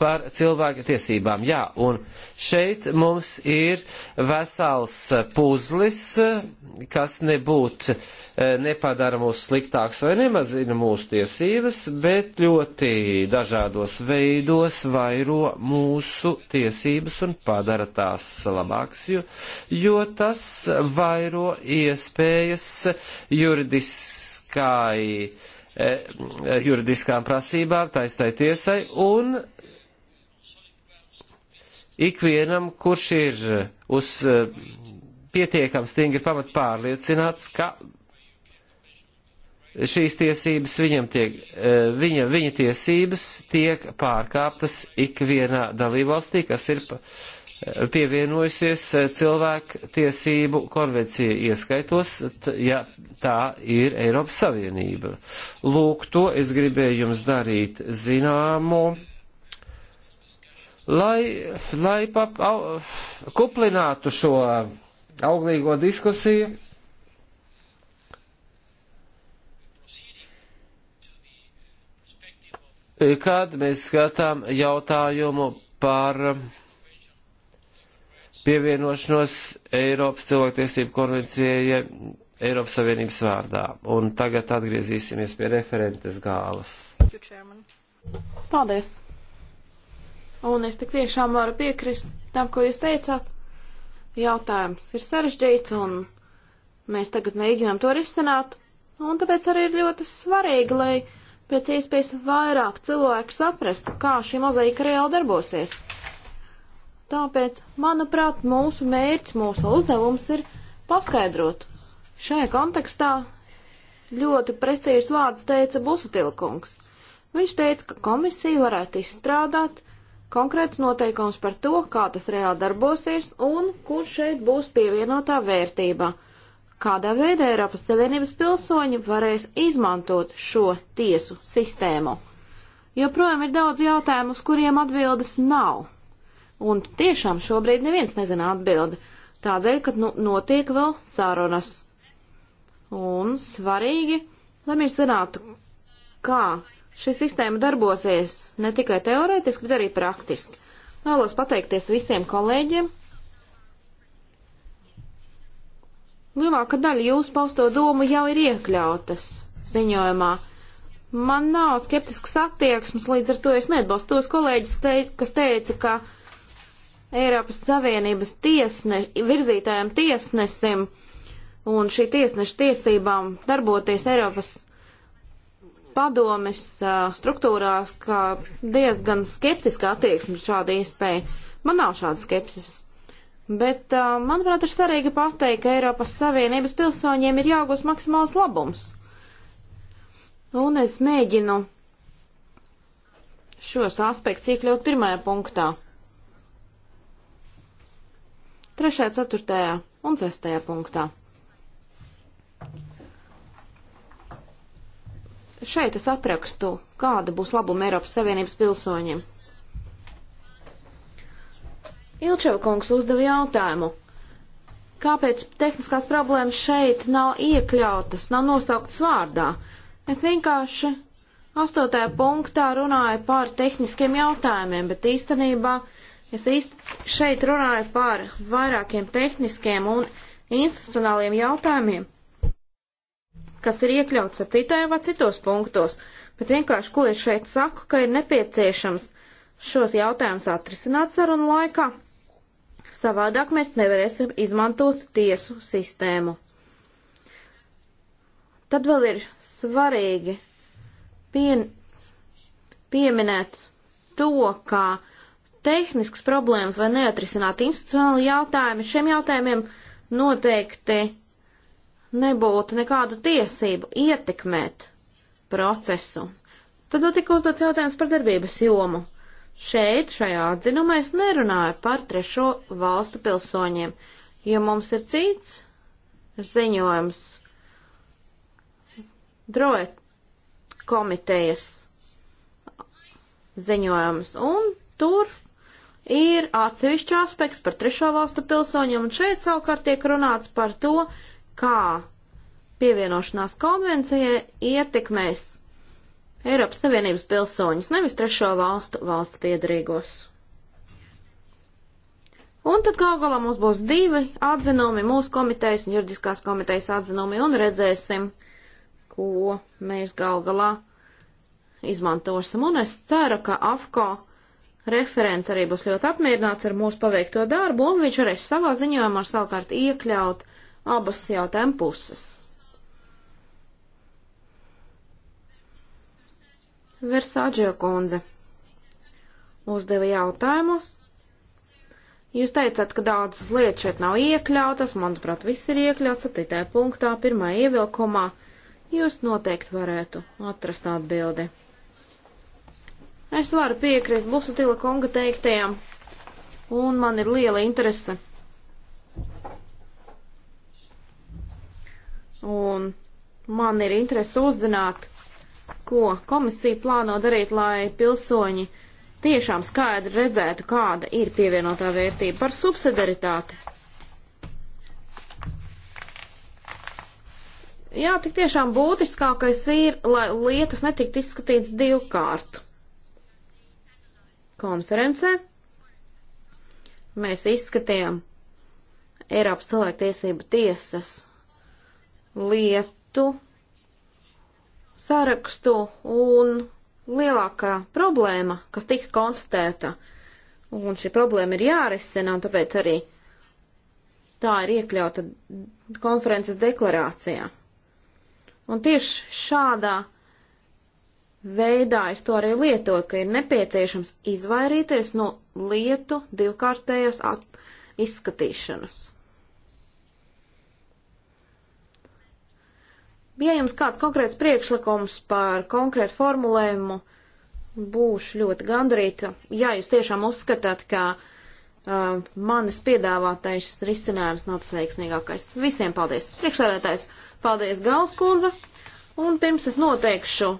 par cilvēku tiesībām. Jā, un šeit mums ir vesels puzlis, kas nebūt e, nepadara mūs sliktāks vai nemazina mūsu tiesības, bet ļoti dažādos veidos vairo mūsu tiesības un padara tās labāks, jo, jo tas vairo iespējas juridiskai E, e, juridiskām prasībām taistai tiesai un ikvienam, kurš ir uz e, pietiekam stingri pamat pārliecināts, ka šīs tiesības viņam tiek, viņa, viņa tiesības tiek pārkāptas ikvienā dalībvalstī, kas ir pievienojusies eh, cilvēku tiesību konvencija ieskaitos, t, ja tā ir Eiropas Savienība. Lūk, to es gribēju jums darīt zināmu, lai, lai pap, au, kuplinātu šo auglīgo diskusiju. Kad mēs skatām jautājumu par pievienošanos Eiropas cilvēktiesību konvencijai Eiropas Savienības vārdā. Un tagad atgriezīsimies pie referentes gālas. Paldies! Un es tik tiešām varu piekrist tam, ko jūs teicāt. Jautājums ir sarežģīts, un mēs tagad mēģinām to risināt. Un tāpēc arī ir ļoti svarīgi, lai pēc iespējas vairāk cilvēku saprastu, kā šī mozaika reāli darbosies. Tāpēc, manuprāt, mūsu mērķis, mūsu uzdevums ir paskaidrot. Šajā kontekstā ļoti precīzs vārds teica Busatilkungs. Viņš teica, ka komisija varētu izstrādāt konkrēts noteikums par to, kā tas reāli darbosies un kur šeit būs pievienotā vērtība. Kādā veidā Eiropas Savienības pilsoņi varēs izmantot šo tiesu sistēmu? Joprojām ir daudz jautājumu, uz kuriem atbildes nav. Un tiešām šobrīd neviens nezina atbildi, tādēļ, ka nu, notiek vēl sārunas. Un svarīgi, lai mēs zinātu, kā šī sistēma darbosies ne tikai teorētiski, bet arī praktiski. Vēlos pateikties visiem kolēģiem. Lielāka daļa jūsu pausto domu jau ir iekļautas ziņojumā. Man nav skeptisks attieksmes, līdz ar to es neatbalstu tos kolēģis, te, kas teica, ka Eiropas Savienības tiesne, virzītājiem tiesnesim un šī tiesneša tiesībām darboties Eiropas padomes struktūrās, kā diezgan skeptiska attieksme šāda iespēja. Man nav šāda skepsis. Bet, manuprāt, ir svarīgi pateikt, ka Eiropas Savienības pilsoņiem ir jāgūst maksimāls labums. Un es mēģinu šos aspektus iekļaut pirmajā punktā. 3., 4. un 6. punktā. Šeit es aprakstu, kāda būs labuma Eiropas Savienības pilsoņiem. Ilčeva kungs uzdeva jautājumu, kāpēc tehniskās problēmas šeit nav iekļautas, nav nosauktas vārdā. Es vienkārši astotajā punktā runāju par tehniskiem jautājumiem, bet īstenībā uh, Es īsti šeit runāju par vairākiem tehniskiem un institucionāliem jautājumiem, kas ir iekļauts septītajā vai citos punktos, bet vienkārši, ko es šeit saku, ka ir nepieciešams šos jautājumus atrisināt sarunu laikā, savādāk mēs nevarēsim izmantot tiesu sistēmu. Tad vēl ir svarīgi pie, pieminēt to, ka tehniskas problēmas vai neatrisināt institucionāli jautājumi, šiem jautājumiem noteikti nebūtu nekādu tiesību ietekmēt procesu. Tad nu tika uzdots jautājums par darbības jomu. Šeit, šajā atzinumā, es nerunāju par trešo valstu pilsoņiem, jo mums ir cits ziņojums droet komitejas ziņojums, un tur ir atsevišķi aspekts par trešo valstu pilsoņiem, un šeit savukārt tiek runāts par to, kā pievienošanās konvencijai ietekmēs Eiropas Savienības pilsoņus, nevis trešo valstu valsts piedarīgos. Un tad gal galā mums būs divi atzinumi, mūsu komitejas un juridiskās komitejas atzinumi, un redzēsim, ko mēs gal galā izmantosim. Un es ceru, ka AFCO Referents arī būs ļoti apmierināts ar mūsu paveikto darbu, un viņš varēs savā ziņojumā savukārt iekļaut abas jautājumu puses. Versāģio kundze uzdeva jautājumus. Jūs teicāt, ka daudzas lietas šeit nav iekļautas, manuprāt, viss ir iekļauts 7. punktā, pirmā ievilkumā. Jūs noteikti varētu atrast atbildi. Es varu piekrist Busatila kunga teiktajam, un man ir liela interese. Un man ir interese uzzināt, ko komisija plāno darīt, lai pilsoņi tiešām skaidri redzētu, kāda ir pievienotā vērtība par subsidaritāti. Jā, tik tiešām būtiskākais ir, lai lietas netikt izskatīts divkārt konferencē mēs izskatījām Eiropas cilvēktiesību tiesas lietu sarakstu un lielākā problēma, kas tika konstatēta, un šī problēma ir jārisina, un tāpēc arī tā ir iekļauta konferences deklarācijā. Un tieši šādā veidā es to arī lietoju, ka ir nepieciešams izvairīties no lietu divkārtējas izskatīšanas. Ja jums kāds konkrēts priekšlikums par konkrētu formulējumu, būšu ļoti gandrīta. Ja jūs tiešām uzskatāt, ka uh, manis piedāvātais risinājums nav tas veiksmīgākais. Visiem paldies. Priekšsēdētājs, paldies Galskundze. Un pirms es noteikšu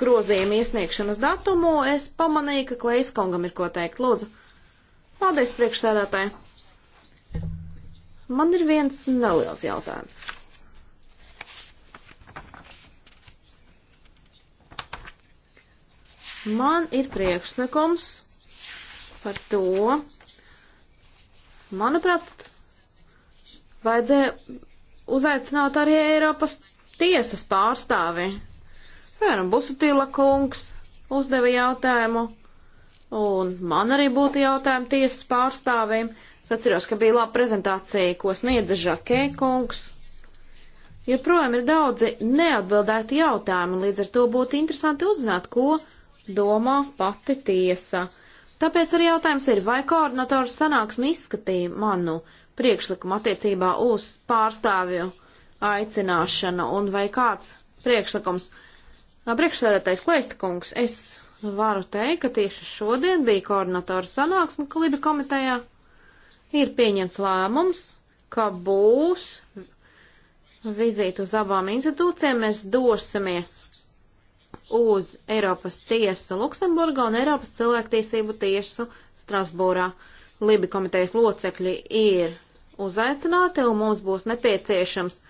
grozījuma iesniegšanas datumu, es pamanīju, ka Klais kungam ir ko teikt. Lūdzu, paldies priekšsēdētāji. Man ir viens neliels jautājums. Man ir priekšlikums par to, manuprāt, vajadzēja uzaicināt arī Eiropas tiesas pārstāvi Piemēram, Busatila kungs uzdeva jautājumu, un man arī būtu jautājumi tiesas pārstāvim. Es atceros, ka bija laba prezentācija, ko sniedza Žakē kungs. Joprojām ir daudzi neatbildēti jautājumi, līdz ar to būtu interesanti uzzināt, ko domā pati tiesa. Tāpēc arī jautājums ir, vai koordinators sanāksmi izskatīja manu priekšlikumu attiecībā uz pārstāvju aicināšanu un vai kāds priekšlikums uh, Priekšsēdētais Klēsta kungs, es varu teikt, ka tieši šodien bija koordinatora sanāksme Kalibi komitejā. Ir pieņemts lēmums, ka būs vizīte uz abām institūcijām. Mēs dosimies uz Eiropas tiesu Luksemburgā un Eiropas cilvēktiesību tiesu Strasbūrā. Libi komitejas locekļi ir uzaicināti un mums būs nepieciešams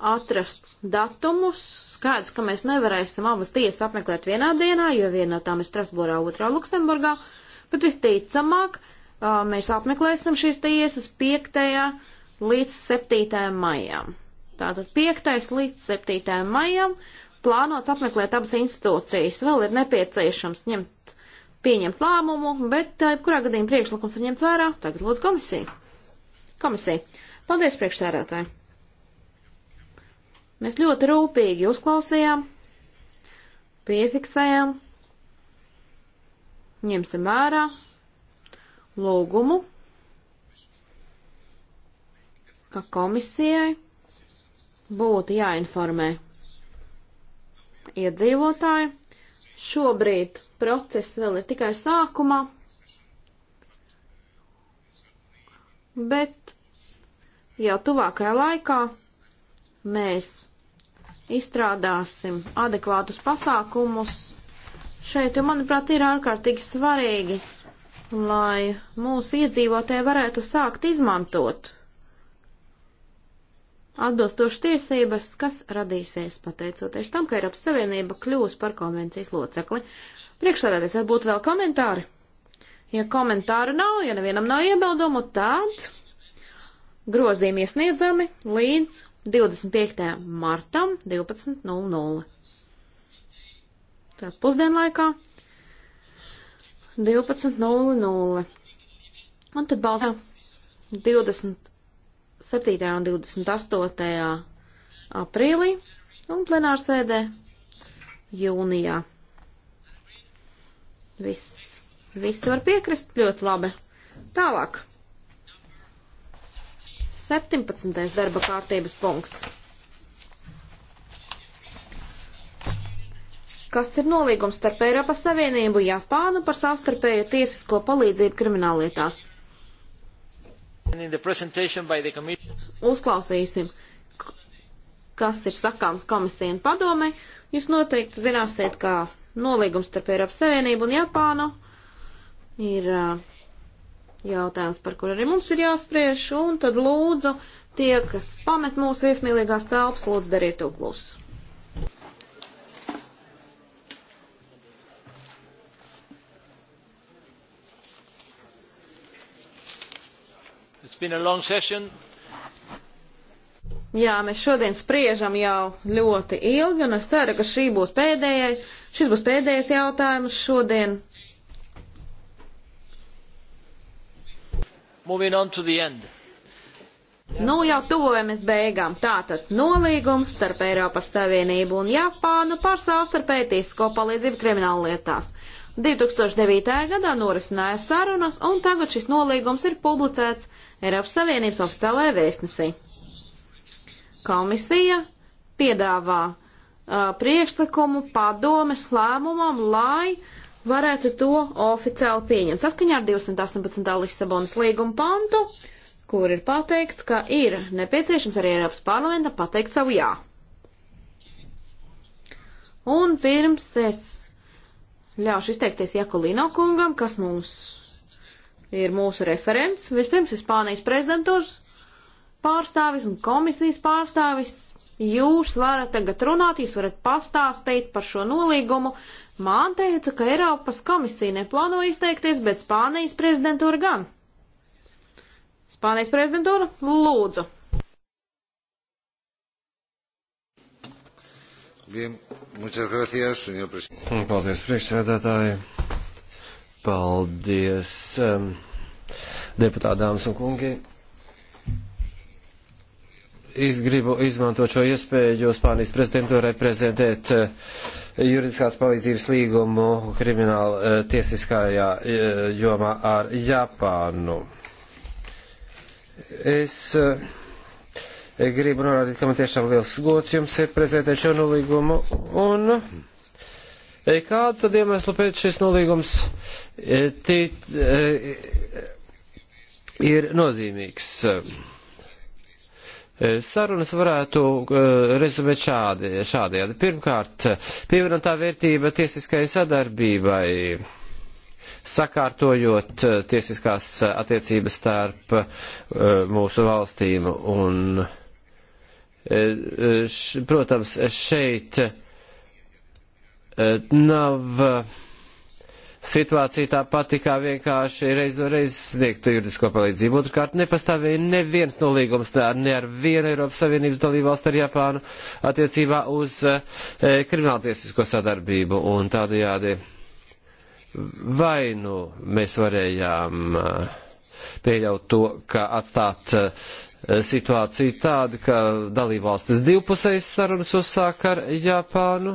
atrast datumus. Skaidrs, ka mēs nevarēsim abas tiesas apmeklēt vienā dienā, jo viena no tām ir Strasbūrā, otrā Luksemburgā, bet visticamāk mēs apmeklēsim šīs tiesas 5. līdz 7. maijam. Tātad 5. līdz 7. maijam plānots apmeklēt abas institūcijas. Vēl ir nepieciešams ņemt, pieņemt lēmumu, bet jebkurā gadījumā priekšlikums ir ņemts vērā. Tagad lūdzu komisiju. Komisija. Paldies priekšsēdētāji. Mēs ļoti rūpīgi uzklausījām, piefiksējām, ņemsim vērā lūgumu, ka komisijai būtu jāinformē iedzīvotāji. Šobrīd process vēl ir tikai sākumā, bet jau tuvākajā laikā mēs izstrādāsim adekvātus pasākumus šeit, jo, manuprāt, ir ārkārtīgi svarīgi, lai mūsu iedzīvotāji varētu sākt izmantot atbilstoši tiesības, kas radīsies pateicoties tam, ka Eiropas Savienība kļūs par konvencijas locekli. Priekšstādāties, vai būtu vēl komentāri? Ja komentāru nav, ja nevienam nav iebildumu, tad grozījumi iesniedzami līdz 25. martam 12.00. Tātad pusdienlaikā 12.00. Un tad balsām 27. un 28. aprīlī un plenārsēdē jūnijā. Viss, viss var piekrist ļoti labi. Tālāk. 17. darba kārtības punkts. Kas ir nolīgums starp Eiropas Savienību Japānu par savstarpēju tiesisko palīdzību krimināllietās? Uzklausīsim, kas ir sakāms komisija un padome. Jūs noteikti zināsiet, ka nolīgums starp Eiropas Savienību un Japānu ir uh, jautājums, par kur arī mums ir jāspriež, un tad lūdzu tie, kas pamet mūsu viesmīlīgās telpas, lūdzu dariet to klusu. Jā, mēs šodien spriežam jau ļoti ilgi, un es ceru, ka šī būs pēdējais, šis būs pēdējais jautājums šodien. moving on to the end. Nu jau tuvojamies beigām. Tātad nolīgums starp Eiropas Savienību un Japānu par savstarpēju tiesisko palīdzību krimināla lietās. 2009. gadā norisinājās sarunas, un tagad šis nolīgums ir publicēts Eiropas Savienības oficiālajā vēstnesī. Komisija piedāvā uh, priekšlikumu padomes lēmumam, lai uh, varētu to oficiāli pieņemt. Saskaņā ar 218. Lisabonas līguma pantu, kur ir pateikts, ka ir nepieciešams arī Eiropas parlamenta pateikt savu jā. Un pirms es ļaušu izteikties Jakulino kungam, kas mums ir mūsu referents, vispirms ir Spānijas prezidentūras pārstāvis un komisijas pārstāvis. Jūs varat tagad runāt, jūs varat pastāstīt par šo nolīgumu, Man teica, ka Eiropas komisija neplāno izteikties, bet Spānijas prezidentūra gan. Spānijas prezidentūra, lūdzu. Bien, muchas gracias, señor presidente. Paldies, priekšsēdētāji. Paldies, um, deputātām un kungi es gribu izmantot šo iespēju, jo Spānijas prezidentu reprezentēt juridiskās palīdzības līgumu krimināla eh, tiesiskajā eh, jomā ar Japānu. Es eh, gribu norādīt, ka man tiešām liels gods jums ir prezentēt šo nolīgumu un kādu tad iemeslu pēc šis nolīgums tit, ir nozīmīgs. E, sarunas varētu e, rezumēt šādi, šādajādi. Pirmkārt, pievienotā vērtība tiesiskai sadarbībai, sakārtojot e, tiesiskās attiecības starp mūsu valstīm un, protams, šeit nav situācija tā pati kā vienkārši reiz no reizes sniegt juridisko palīdzību. Otrkārt, nepastāvēja neviens nolīgums ne ar, ne ar vienu Eiropas Savienības dalībvalstu ar Japānu attiecībā uz e, krimināltiesisko sadarbību un tādajādi vai nu mēs varējām eh, pieļaut to, ka atstāt eh, situāciju tādu, ka dalībvalstis divpusējas sarunas uzsāk ar Japānu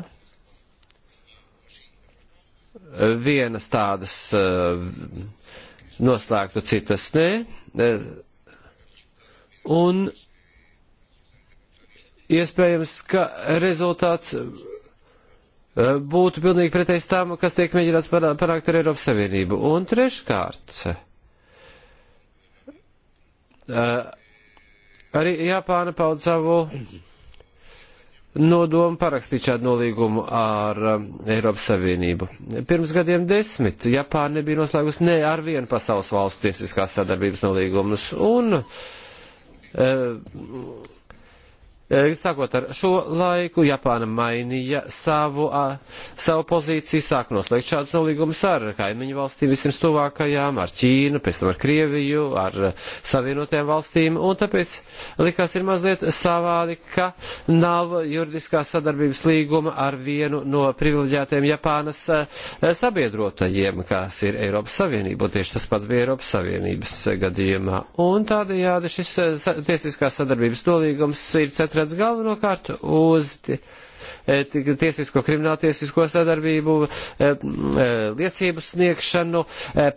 vienas tādas eh, noslēgtu, citas nē. Eh, un iespējams, ka rezultāts eh, būtu pilnīgi pretējs tam, kas tiek mēģināts panākt ar Eiropas Savienību. Un treškārt, arī Japāna paud savu nodomu parakstīt šādu nolīgumu ar um, Eiropas Savienību. Pirms gadiem desmit Japāna nebija noslēgusi ne ar vienu pasaules valstu tiesiskās sadarbības nolīgumus, un uh, Eh, sākot ar šo laiku, Japāna mainīja savu, a, savu pozīciju, sāk noslēgt šādus nolīgumus ar kaimiņu valstīm, visiem stuvākajām, ar Ķīnu, pēc tam ar Krieviju, ar eh, Savienotajām valstīm, un tāpēc likās ir mazliet savādi, ka nav juridiskā sadarbības līguma ar vienu no privileģētajiem Japānas a, eh, sabiedrotajiem, kas ir Eiropas Savienība, un tieši tas pats bija Eiropas Savienības gadījumā. Un tādējādi šis a, tiesiskās sadarbības nolīgums ir ceturtais atredz galvenokārt uz e, tiesisko krimināltiesisko sadarbību, e, e, liecību sniegšanu,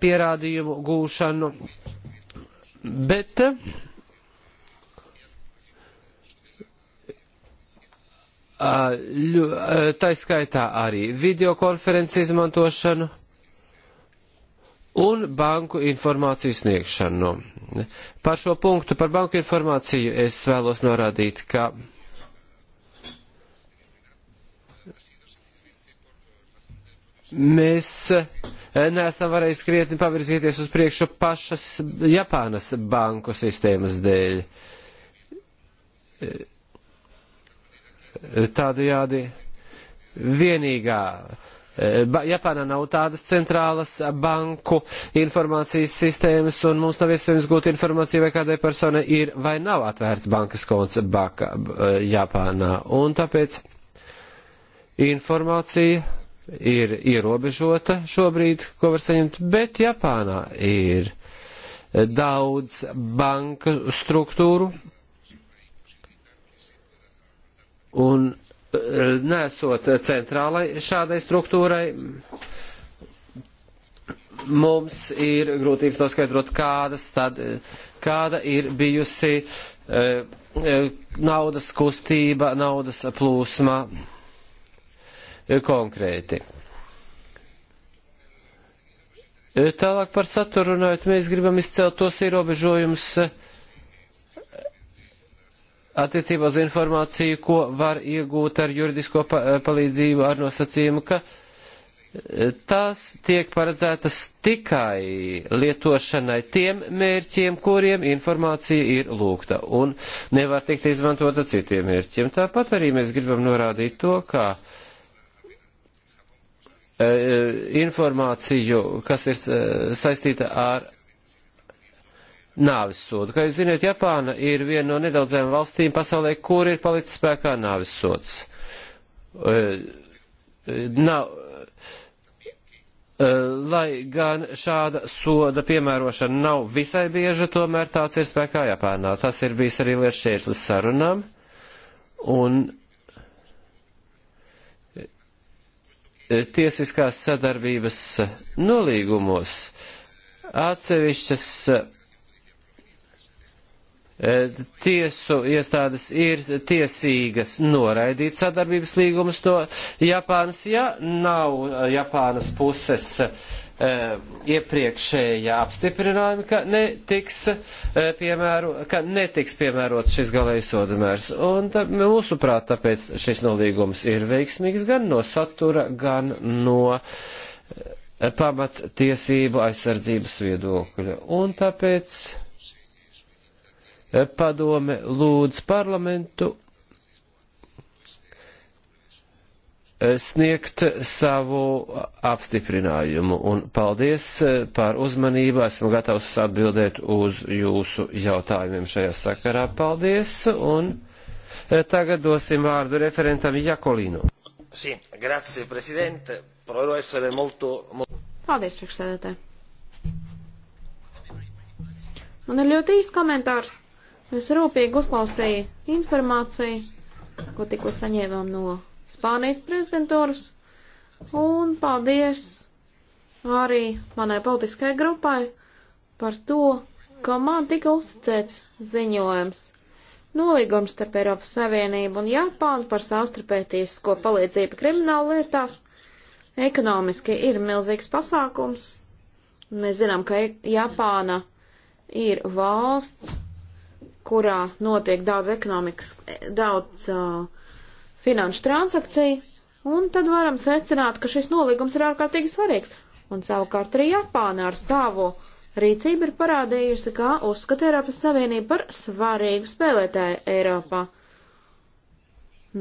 pierādījumu gūšanu. Bet tā skaitā arī videokonferences izmantošanu un banku informāciju sniegšanu. Par šo punktu, par banku informāciju, es vēlos norādīt, ka mēs neesam varējuši krietni pavirzīties uz priekšu pašas Japānas banku sistēmas dēļ. Tādajādi vienīgā Eh, Japānā nav tādas centrālas eh, banku informācijas sistēmas, un mums nav iespējams gūt informāciju, vai kādai personai ir vai nav atvērts bankas konts Baka, eh, Japānā. Un tāpēc informācija ir ierobežota šobrīd, ko var saņemt, bet Japānā ir daudz banku struktūru. Un nesot centrālai šādai struktūrai, mums ir grūtības noskaidrot, kādas tad, kāda ir bijusi e, e, naudas kustība, naudas plūsma konkrēti. E, tālāk par saturu runājot, mēs gribam izcelt tos ierobežojumus, attiecībā uz informāciju, ko var iegūt ar juridisko eh, palīdzību, ar nosacījumu, ka eh, tās tiek paredzētas tikai lietošanai tiem mērķiem, kuriem informācija ir lūgta un nevar tikt izmantota citiem mērķiem. Tāpat arī mēs gribam norādīt to, ka eh, informāciju, kas ir saistīta ar nāvis sodu. Kā jūs ziniet, Japāna ir viena no nedaudzajām valstīm pasaulē, kur ir palicis spēkā nāvis sods. E, e, nav, e, lai gan šāda soda piemērošana nav visai bieža, tomēr tāds ir spēkā Japānā. Tas ir bijis arī lietas šķērslis sarunām. Un tiesiskās sadarbības nolīgumos atsevišķas E, tiesu iestādes ir tiesīgas noraidīt sadarbības līgumus no Japānas, ja nav Japānas puses e, iepriekšējā apstiprinājuma, ka netiks, e, piemēro, ka netiks piemērots šis galējais sodamērs. Un tā, mūsuprāt, tāpēc šis nolīgums ir veiksmīgs gan no satura, gan no pamattiesību aizsardzības viedokļa. Un tāpēc Eh, padome lūdz parlamentu eh, sniegt savu apstiprinājumu. Un paldies eh, par uzmanību. Esmu gatavs atbildēt uz jūsu jautājumiem šajā sakarā. Paldies. Un tagad dosim vārdu referentam Jakolino. Sì, grazie Presidente. Proverò a essere molto... Paldies, priekšsēdētāji. Man ir ļoti īsts komentārs. Es rūpīgi uzklausīju informāciju, ko tikko saņēmām no Spānijas prezidentūras, un paldies arī manai politiskai grupai par to, ka man tika uzticēts ziņojums. Nolīgums starp Eiropas Savienību un Japānu par savstarpētīsko palīdzību krimināla lietās ekonomiski ir milzīgs pasākums. Mēs zinām, ka Japāna ir valsts, kurā notiek daudz ekonomikas, daudz uh, finanšu transakciju, un tad varam secināt, ka šis nolīgums ir ārkārtīgi svarīgs. Un savukārt arī Japāna ar savu rīcību ir parādījusi, kā uzskata Eiropas Savienību par svarīgu spēlētāju Eiropā.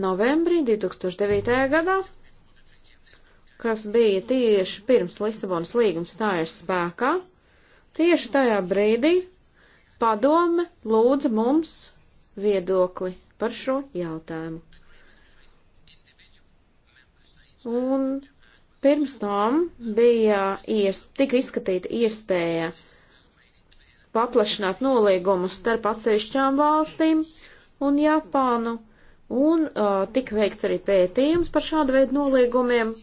Novembrī 2009. gadā, kas bija tieši pirms Lisabonas līgums stājas spēkā, tieši tajā brīdī Padome lūdza mums viedokli par šo jautājumu. Un pirms tam bija, ies, tika izskatīta iespēja paplašināt nolīgumus starp atsevišķām valstīm un Japānu, un uh, tika veikts arī pētījums par šādu veidu nolīgumiem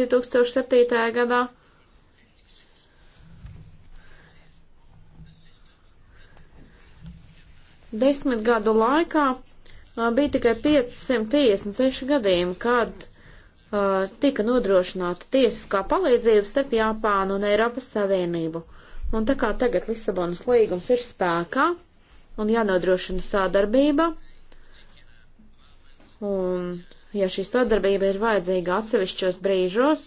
2007. gadā. Desmit gadu laikā bija tikai 556 gadījumi, kad uh, tika nodrošināta tiesiskā palīdzība starp Japānu un Eiropas Savienību. Un tā kā tagad Lisabonas līgums ir spēkā un jānodrošina sādarbība, un ja šī sadarbība ir vajadzīga atsevišķos brīžos,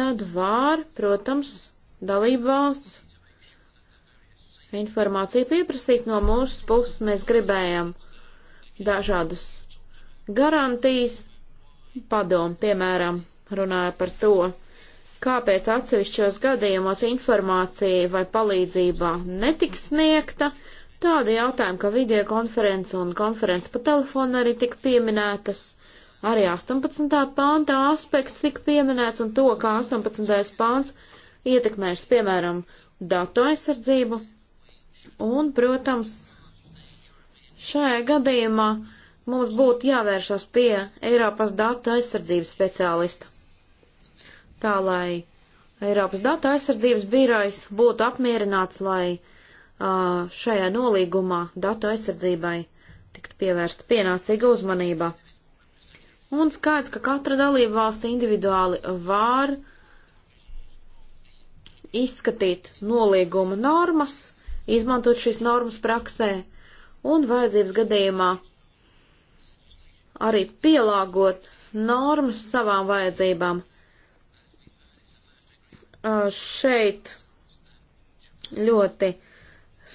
tad var, protams, dalībvalsts informāciju pieprasīt no mūsu puses. Mēs gribējam dažādas garantijas, padomu, piemēram, runāja par to, kāpēc atsevišķos gadījumos informācija vai palīdzība netiks sniegta. Tādi jautājumi, ka videokonference un konference pa telefonu arī tika pieminētas. Arī 18. pānta aspekts tika pieminēts un to, kā 18. pāns ietekmēs, piemēram, datu aizsardzību, Un, protams, šajā gadījumā mums būtu jāvēršas pie Eiropas datu aizsardzības speciālista. Tā lai Eiropas datu aizsardzības birojs būtu apmierināts, lai uh, šajā nolīgumā datu aizsardzībai tiktu pievērsta pienācīga uzmanība. Un skaidrs, ka katra dalība valsts individuāli var izskatīt nolīguma normas, izmantot šīs normas praksē un vajadzības gadījumā arī pielāgot normas savām vajadzībām. Šeit ļoti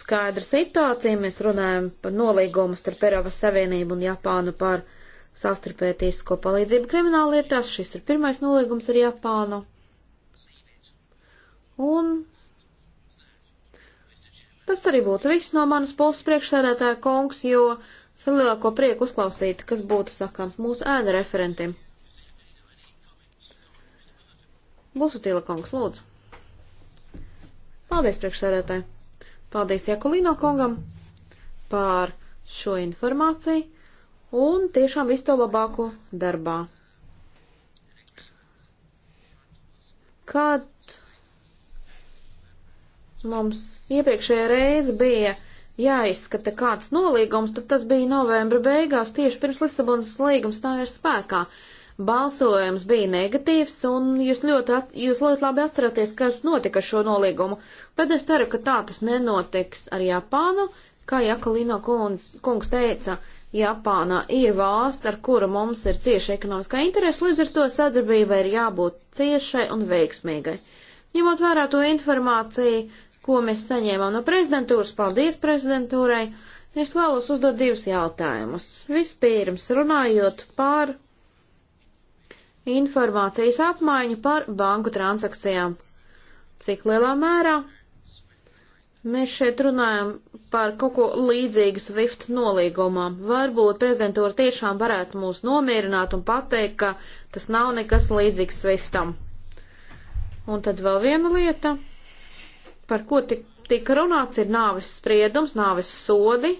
skaidra situācija. Mēs runājam par nolīgumu starp Eiropas Savienību un Japānu par savstarpētīsko palīdzību krimināllietās. Šis ir pirmais nolīgums ar Japānu. Un Tas arī būtu viss no manas puses priekšsēdētāja kungs, jo es ar lielāko prieku uzklausītu, kas būtu sakāms mūsu ēna referentim. Būsatīla kungs, lūdzu. Paldies priekšsēdētāji. Paldies Jakulīno kungam par šo informāciju un tiešām visu to labāko darbā. Kad mums iepriekšējā reize bija jāizskata kāds nolīgums, tad tas bija novembra beigās, tieši pirms Lisabonas līgums stājās spēkā. Balsojums bija negatīvs, un jūs ļoti, at, jūs ļoti labi atceraties, kas notika ar šo nolīgumu, bet es ceru, ka tā tas nenotiks ar Japānu. Kā Jakalino kungs, kungs teica, Japāna ir valsts, ar kuru mums ir cieša ekonomiskā interesa, līdz ar to sadarbība ir jābūt ciešai un veiksmīgai. Ņemot vērā to informāciju, ko mēs saņēmām no prezidentūras. Paldies prezidentūrai! Es vēlos uzdot divus jautājumus. Vispirms, runājot par informācijas apmaiņu par banku transakcijām. Cik lielā mērā mēs šeit runājam par kaut ko līdzīgu SWIFT nolīgumam? Varbūt prezidentūra tiešām varētu mūs nomierināt un pateikt, ka tas nav nekas līdzīgs SWIFTam. Un tad vēl viena lieta par ko tika tik runāts, ir nāvis spriedums, nāvis sodi.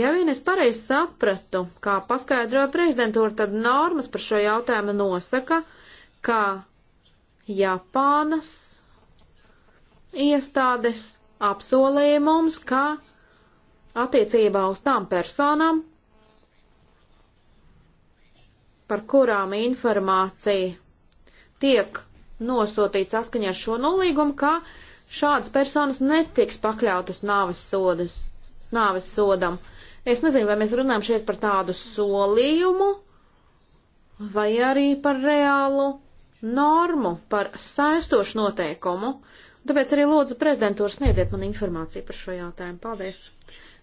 Ja vien es pareizi sapratu, kā paskaidroja prezidentūra, tad normas par šo jautājumu nosaka, ka Japānas iestādes apsolīja mums, ka attiecībā uz tām personām, par kurām informācija tiek nosūtīta saskaņā ar šo nolīgumu, ka šādas personas netiks pakļautas nāves, sodas, nāves sodam. Es nezinu, vai mēs runājam šeit par tādu solījumu vai arī par reālu normu, par saistošu noteikumu. Tāpēc arī lūdzu prezidentūru sniedziet man informāciju par šo jautājumu. Paldies!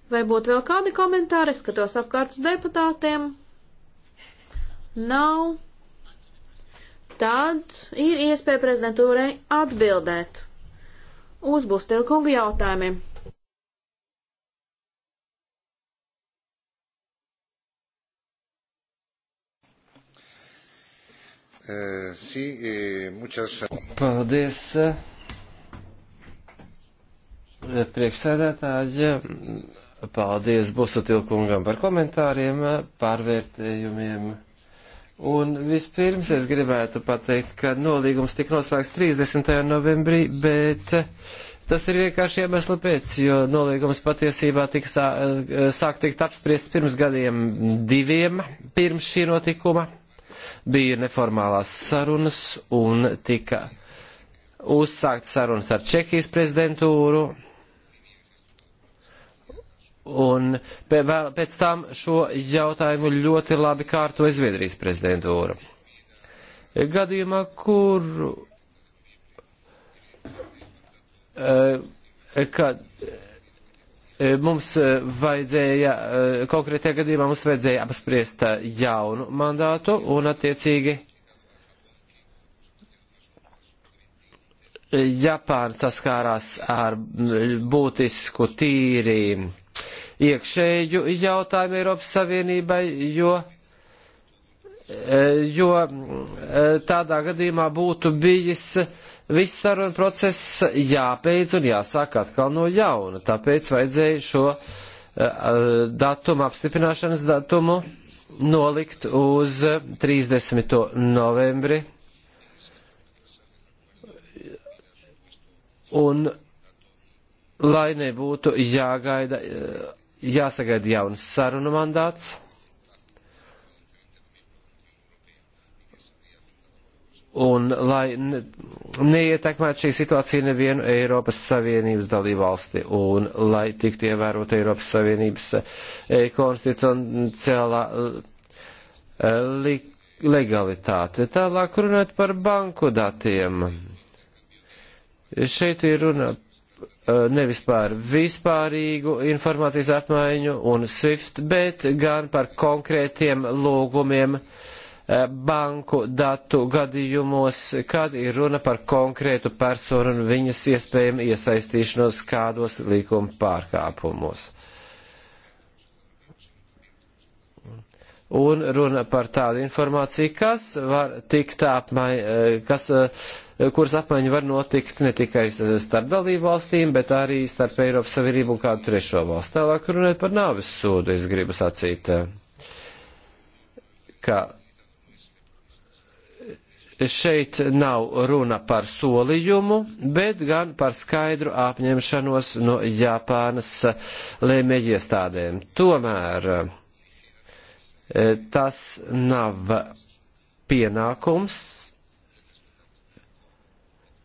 Vai būtu vēl kādi komentāri? Skatos apkārt uz deputātiem. Nav. Tad ir iespēja prezidentūrai atbildēt uz Bustilkunga jautājumiem. Uh, sí, eh, muchas... Paldies, eh, priekšsēdētāji. Paldies Busutilkungam par komentāriem, pārvērtējumiem Un vispirms es gribētu pateikt, ka nolīgums tika noslēgts 30. novembrī, bet eh, tas ir vienkārši iemesli pēc, jo nolīgums patiesībā tika sā, eh, sāk tikt apspriests pirms gadiem diviem, pirms šī notikuma. Bija neformālās sarunas un tika uzsākt sarunas ar Čehijas prezidentūru Un pēc tam šo jautājumu ļoti labi kārtoja Zviedrijas prezidentūra. Gadījumā, kur eh, kad eh, mums eh, vajadzēja, konkrētajā gadījumā mums vajadzēja apspriest jaunu mandātu un attiecīgi Japāna saskārās ar būtisku tīri iekšēju jautājumu Eiropas Savienībai, jo, e, jo e, tādā gadījumā būtu bijis viss saruna process jāpēc un jāsāk atkal no jauna. Tāpēc vajadzēja šo e, datumu, apstiprināšanas datumu nolikt uz 30. novembri. Un lai nebūtu jāgaida jāsagaida jauns sarunu mandāts. Un, lai ne, neietekmētu šī situācija nevienu Eiropas Savienības dalībvalsti un lai tiktu ievērot Eiropas Savienības eh, konstitucionālā eh, legalitāte. Tālāk runāt par banku datiem. Šeit ir runa Uh, nevis par vispārīgu informācijas apmaiņu un SWIFT, bet gan par konkrētiem lūgumiem uh, banku datu gadījumos, kad ir runa par konkrētu personu un viņas iespējamu iesaistīšanos kādos līkuma pārkāpumos. Un runa par tādu informāciju, kas var tikt apmai, eh, kas uh, kuras apmaiņa var notikt ne tikai starp dalību valstīm, bet arī starp Eiropas Savienību un kādu trešo valstu. Tālāk runājot par nāvis sūdu, es gribu sacīt, eh, ka šeit nav runa par solījumu, bet gan par skaidru apņemšanos no Japānas eh, lēmēji iestādēm. Tomēr eh, tas nav pienākums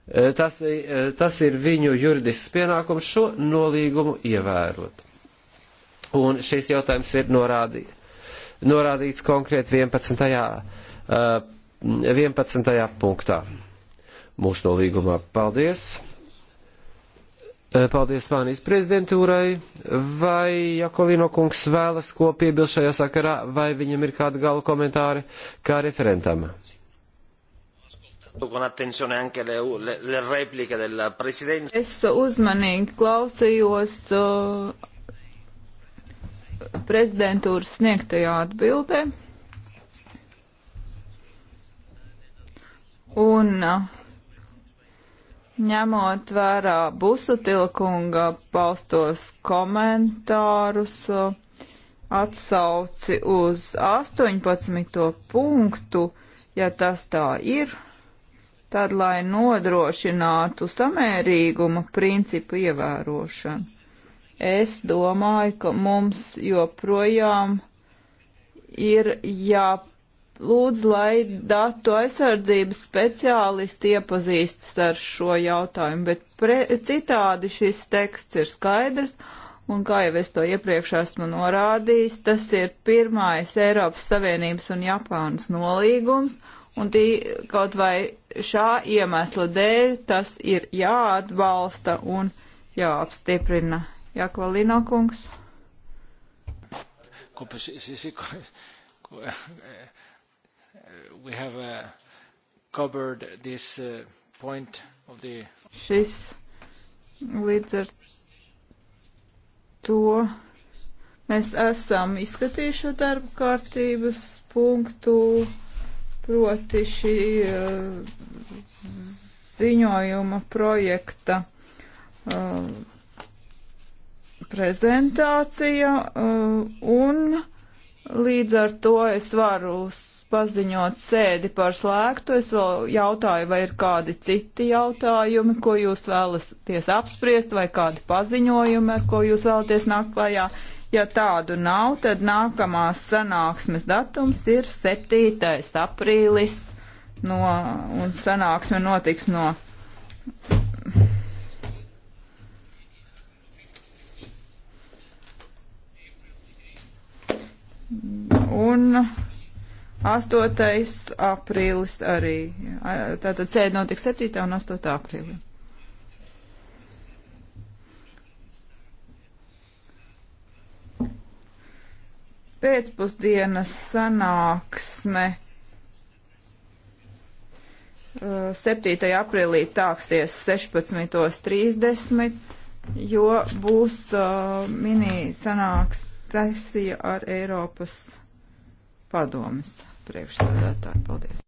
Eh, tas, eh, tas ir viņu juridisks pienākums šo nolīgumu ievērot. Un šis jautājums ir norādī, norādīts konkrēti 11. 11. punktā mūsu nolīgumā. Paldies! Eh, paldies Spānijas prezidentūrai. Vai Jakolino kungs vēlas ko piebilst šajā sakarā, vai viņam ir kādi gala komentāri kā referentam? Es uzmanīgi klausījos prezidentūras sniegtajā atbildē. Un ņemot vērā Busutilkunga paustos komentārus, atsauci uz 18. punktu, ja tas tā ir, Tad, lai nodrošinātu samērīguma principu ievērošanu, es domāju, ka mums joprojām ir jālūdz, lai datu aizsardzības speciālisti iepazīstas ar šo jautājumu, bet pre, citādi šis teksts ir skaidrs, un kā jau es to iepriekš esmu norādījis, tas ir pirmais Eiropas Savienības un Japānas nolīgums, un tī kaut vai šā iemesla dēļ tas ir jāatbalsta un jāapstiprina. Jākvalino kungs. The... Šis līdz ar to mēs esam izskatījuši darba kārtības punktu proti šī eh, ziņojuma projekta eh, prezentācija, eh, un līdz ar to es varu paziņot sēdi par slēgtu. Es vēl jautāju, vai ir kādi citi jautājumi, ko jūs vēlaties apspriest, vai kādi paziņojumi, ko jūs vēlaties nākt klajā. Ja tādu nav, tad nākamās sanāksmes datums ir 7. aprīlis, no, un sanāksme notiks no. Un 8. aprīlis arī. Tātad sēde notiks 7. un 8. aprīlī. pēcpusdienas sanāksme 7. Uh, aprīlī tāksies 16.30, jo būs uh, mini sanāks sesija ar Eiropas padomas priekšsēdētāju. Paldies!